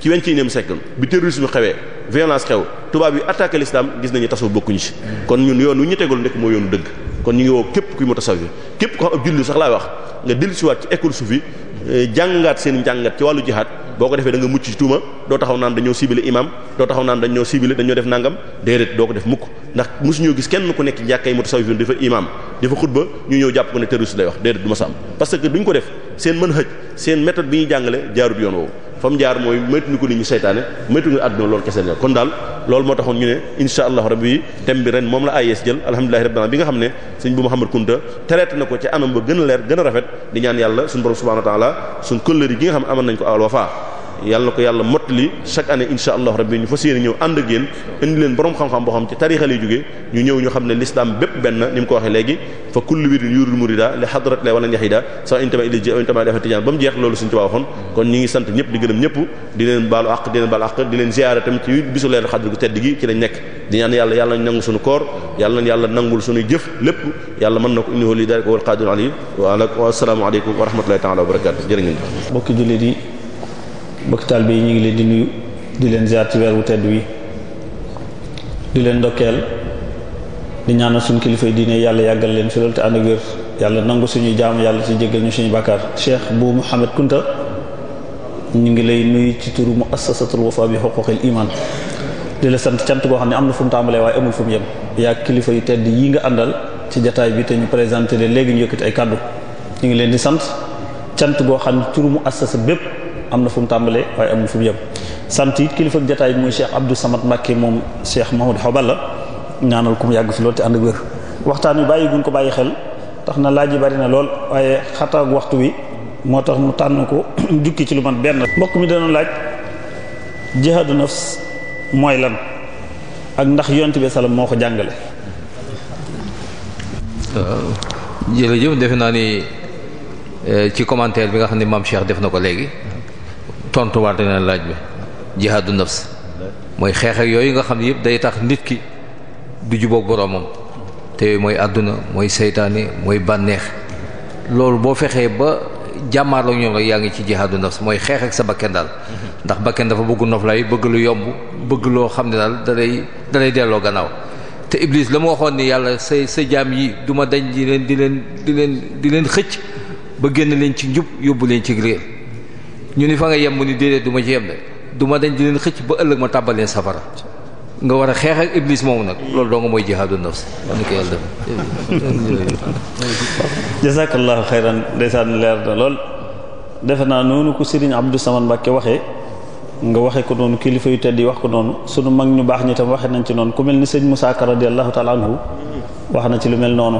ci wen ci neem sekkal bi terrorisme xewee violence xew tubaab yi attaqué l'islam gis nañu tasawuf bokkuñu ci kon ñun yoon wu ñu tegaloon rek moo yoonu dëgg kon ñu ngi woo képp kuy mu tasawuf képp ko xam ab julli sax laay wax nga dellusiwaat ci école sufi jàngaat seen njàngat ci wàllu jihaad boo ko defee da nga mucc ci tuuma doo taxaw naan dañoo ciblé imam doo taxaw naan dañoo ciblé dañoo def nangam déedéet doo ko def mukk ndax mosuñoo gis kenn ku nekk njàkk jàkkay mutasawwifin dafa imam dafa xutba ñu ñëw jàpp ko ne terroriste lay wax déedéet du ma sa am parce que duñ ko def seen mën hëj seen méthode bi ñu jàngale jaarut yoon woowu fa mu jaar mooy moytuñu ko nit ñi seytaane moytuñu àdduna loolu kese la kon daal loolu moo taxoon ñu ne insha allah rabbi thème bi ren moom la AIS jël alhamdulillahi rabbil alamin bi nga xam ne sëñ bu Muhammad Kunta traité na ko ci anam ba gën a leer gën a rafet di ñaan yàlla suñu borom subhanahu wa ta'ala suñ këllëri gi nga xam ne amoon nañ ko al wafa yàlla na ko yàlla mottali chaque année insha allah rabbi ñu fas yéene ñëw ànd ak yéen indi leen borom xam-xam boo xam ci tarixa lay jógee ñu ñëw ñu xam ne l'islam bépp benn ni mu ko waxee léegi fa kullu wirdin yurul murida li hadrat la wala yahida sa intama ila ji intama dafa tijaan ba mu jeex loolu suñu ci waxoon kon ñi ngi sant ñëpp di gërëm ñëpp di leen baalu àq di leen baalu àq di leen ziyaara tamit ci bisu leen xadr gu tedd gi ci lañ nekk di na ko mbokk taalibe yi ñu ngi leen di nuyu di leen ziar ci weer wu tedd wi di leen ndokkeel di ñaanal suñu kilifa yi diine yàlla yàggal leen fi loolu te ànd ak yàlla nangu suñuy jaam yàlla ci jéggal ñu suñu bàkkaar Cheikh bu Mouhamed Kunta ñu ngi lay nuyu ci turu muassasatul wafa bi huquqil iman di la sant cant goo xam ne am na fu mu tàmbalee waaye amul fu mu yem yaa kilifa yu tedd yi nga àndal ci jataay bi te ñu présenté leen léegi ñu yëkkati ay kàddu ñu ngi leen di sant cant goo xam ne turu muassasa bépp am na fu mu tàmbalee waaye amul fu mu yem sant it kilifa jataay bi muy Cheikh Abdou Samad Mbacké moom Cheikh Mahmoud Xobal ñaanal ku mu yàgg fi loolu te ànd ak waxtaan wi bàyyi guñ ko bàyyi xel tax na laaj yi bari na lool waaye xataa waxtu wi moo tax mu tànn ko jukki ci lu man benn mbokk mi dana laaj jihaadu nafs mooy lan ak ndax yonent bi salam moo ko jàngale jërëjëf defe naa ni eh, ci commentaire bi nga xam ne maam Cheikh def na ko léegi tontuwaate na laaj bi jihaadu nafs mooy xeex ak yooyu nga xam ne yëpp day tax nit ki du jubóog boroomam te mooy àdduna mooy seytaane mooy bànneex loolu boo fexee ba jàmmaarloo ñoom yaa ngi ci jihaadu nafs mooy xeex ak sa bakken daal ndax bakken dafa bëgg noflaay bëgg lu yomb bëgg loo xam ne daal dalay dalay delloo gannaaw te Iblis la mu waxoon ni yàlla sa sa jaam yi duma dañ di leen di leen di leen di leen xëcc ba génn leen ci njub yóbbu leen ci réer ñu ni fa nga yem mu ni déedéet du ma ci yem de du ma dañ di leen xëcc ba ëllëg ma tàbbaleen safara nga war a xeex ak iblis moomu nag loolu doo nga mooy jihaadu nafs ni ko yàlla def jazakallahu xayran ndeysaan leer na lool defe naa noonu ko Serigne Abdou Samane Mbacke waxee nga waxee ko noonu kilifa yu tedd yi wax ko noonu sunu mag ñu baax ñi tam waxee nañ ci noonu ku mel ni sëñ Moussa Ka radiyallahu ta'ala anhu wax na ci lu mel noonu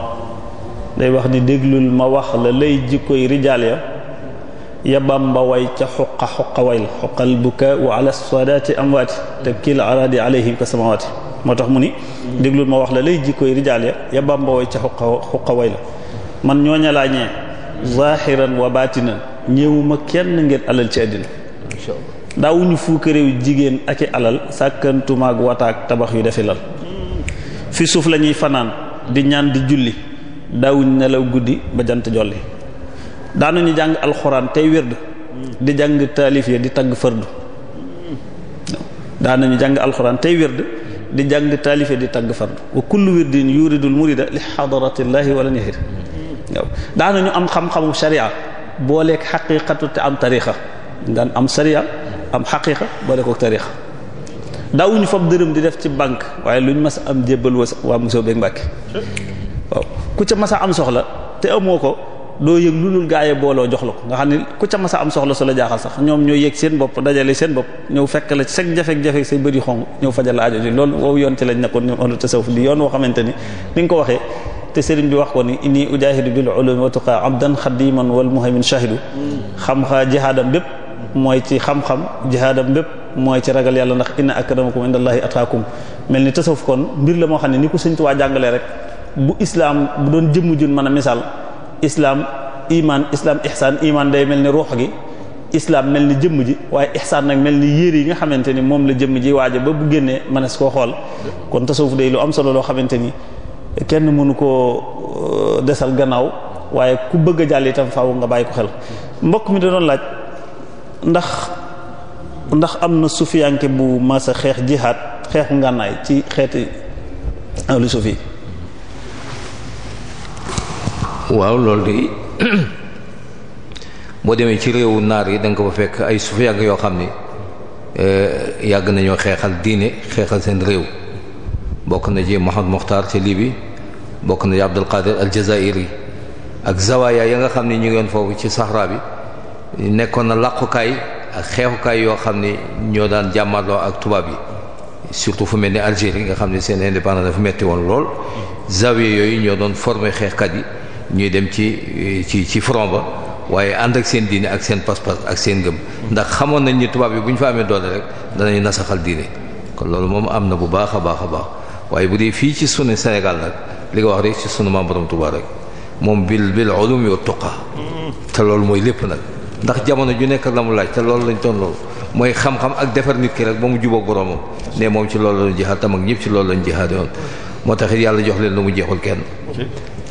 day wax ni déglul ma wax la lay jikkoy rijaal ya bamba way ca xuqa xuqa way la xuqal buka wa ala sadaati amwaati te kil aradi alayhim ka samawaati moo tax mu ni déglul ma wax la lay jikkooy rijaal ya ya bamba way ca xuqa xuqa way la man ñooña laa ñee zahiran wa batinan ñëwuma kenn ngeen alal ci àddina daawuñu fuukaréew jigéen ak i alal sàkkantumaag wataak tabax yu defi lal fi suuf lañuy fanaan di ñaan di julli daawuñ nelaw guddi ba jant jolli daanuñu jàng alxuraan tey wird di jàng taalif ya di tagg fërdu daanañu jàng alxuraan tey wird di jàng taalif ya di tagg fërdu wa kullu wirdin yuridul murida li xadaratillahi wala nihir waaw daanañu am xam-xamu sharia booleeg xaqiqatu te am tarixa daan am sharia am xaqiqa boole koog tarixa daawuñu fab dërëm di def ci banque waaye luñ mas a am jébbal waa waa mbàkke ku ca mas am soxla te amoo ko doo yëg lu dul gaa booloo jox la ko nga xam ne ku ca masa am soxla su la jaaxal sax ñoom ñoo yëg seen bopp dajale seen bopp ñëw fekk la seg jafe-jafe say bëri xong ñëw fajal la aajo ji wow yoon ci lañ nekkoon ko waxee te sëriñ bi wax ko xa jihaadam bépp mooy ci xam-xam jihaadam bépp mooy ci ragal yàlla ndax inna akramakum indallahi atqakum mel ni tasawuf kon mbir la moo xam ne ni ko sëñ Tuubaa jàngalee rek bu islam bu doon jëmm jun mën a misaal islaam imaan islaam ihsaan iman day mel ni ruux gi islaam mel ni jëmm ji waaye ihsaan nag mel ni yére yi nga xamante ni moom la jëmm ji waaja ba bu génnee mënees koo xool kon tasawuf day lu am solo loo xamante ni kenn mënu koo euh, desal gannaaw waaye ku bëgg a jàll itam faaw nga bàyyi ko xel mbokk mi da doon laaj ndax ndax am na sufiyanke bu mas a xeex jihaad xeexu ngànnaay ci xeeti ahlu sufi waaw loolu de boo demee ci réewu naar yi da ko fa fekk ay suuf yàgg yoo xam ni eh, yàgg nañoo xeexal diine xeexal seen réew bokk na ci Mohamed Mokhtar ci Libye bokk na ci Abdul Qadir al yi ak zawaya ya nga xam ne ñu ngeen woon foofu ci saxaraa bi nekkoon na làqukaay ak xeexukaay yoo xam ne ñoo daan jàmmarloo ak tubaab yi surtout fu mel ni Algérie nga xam ne seen indépendance dafa metti woon lool zawiya yooyu ñoo doon former xeexkat yi. ñuy dem ci ci ci front ba waaye ànd ak seen diine ak seen pas-pas ak seen gëm ndax xamoon nañ ni tubaab yi bu ñu fa amee doole rek danañ nasaxal diine kon loolu moom am na bu baax a baax a baax waaye bu dee fii ci sunu Sénégal nag li nga wax rek ci sunu maam borom Tuubaa rek moom bil bil ulum yu tuqa te loolu mooy lépp nag ndax jamono ju nekk la mu laaj te loolu lañ doon loolu mooy xam-xam ak defar nit ki rek ba mu jubóog boromam ne moom ci loolu lañu jihaad tam ak ñëpp ci loolu lañu jihaad yoon moo tax it yàlla jox leen lu mu jeexul kenn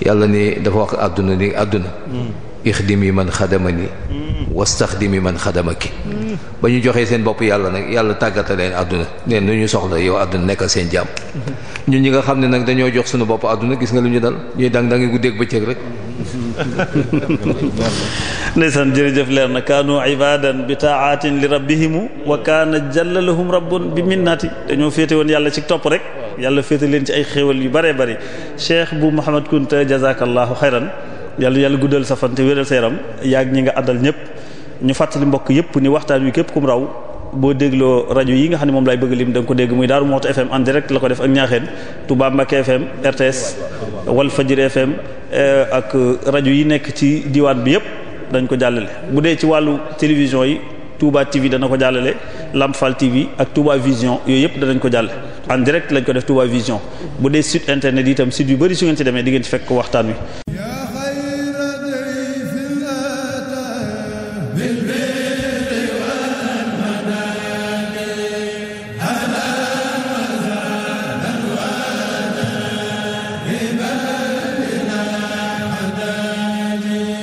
yàlla ni dafa wax àdduna ni àdduna mm. ixdimi man xadamani mm. wastaxdimi man xadamaki mm. ba ñu joxee seen bopp yàlla nag yàlla tàggata leen àdduna neen lu ñu soxla yow àdduna nekkal seen jàmm mm-hmm. ñu ñi nga xam ne nag dañoo jox suñu bopp àdduna gis nga lu ñu dal ñuy dang dangi guddeeg bëccëg rek mm-hmm. ndeysaan jërëjëf leer na kaanu ibadan bi taatin li rabbihimu wa kaana jalla lahum rabbun bi minnati dañoo féete woon yàlla ci topp rek yàlla féete leen ci ay xéewal yu bëree bëri cheikh bu Mouhamed Kunta jazakallahu xayran yàlla yàlla guddal sa fan te wéral sa yaram yaag ñi nga àndal ñëpp ñu fàttali mbokk yëpp ni waxtaan wi képp kum raw boo dégloo rajo yi nga xam ne moom lay bëgg lim da ko dégg muy Daaru Muxti FM en direct la ko def ak Ñaaxeen Touba Mbacké FM RTS Walf Fadjri eh, ak rajo yi nekk ci diwaan bi yëpp dañ ko jàllale bu dee ci wàllu télévision yi Touba TV dana ko jàllale Lamp Fall TV ak Touba Vision yooyu yëpp danañ ko jàll en direct lañ ko def Touba Vision bu dee site internet itam site yu bëri su ngeen ci demee di ngeen ci fekk waxtaan wi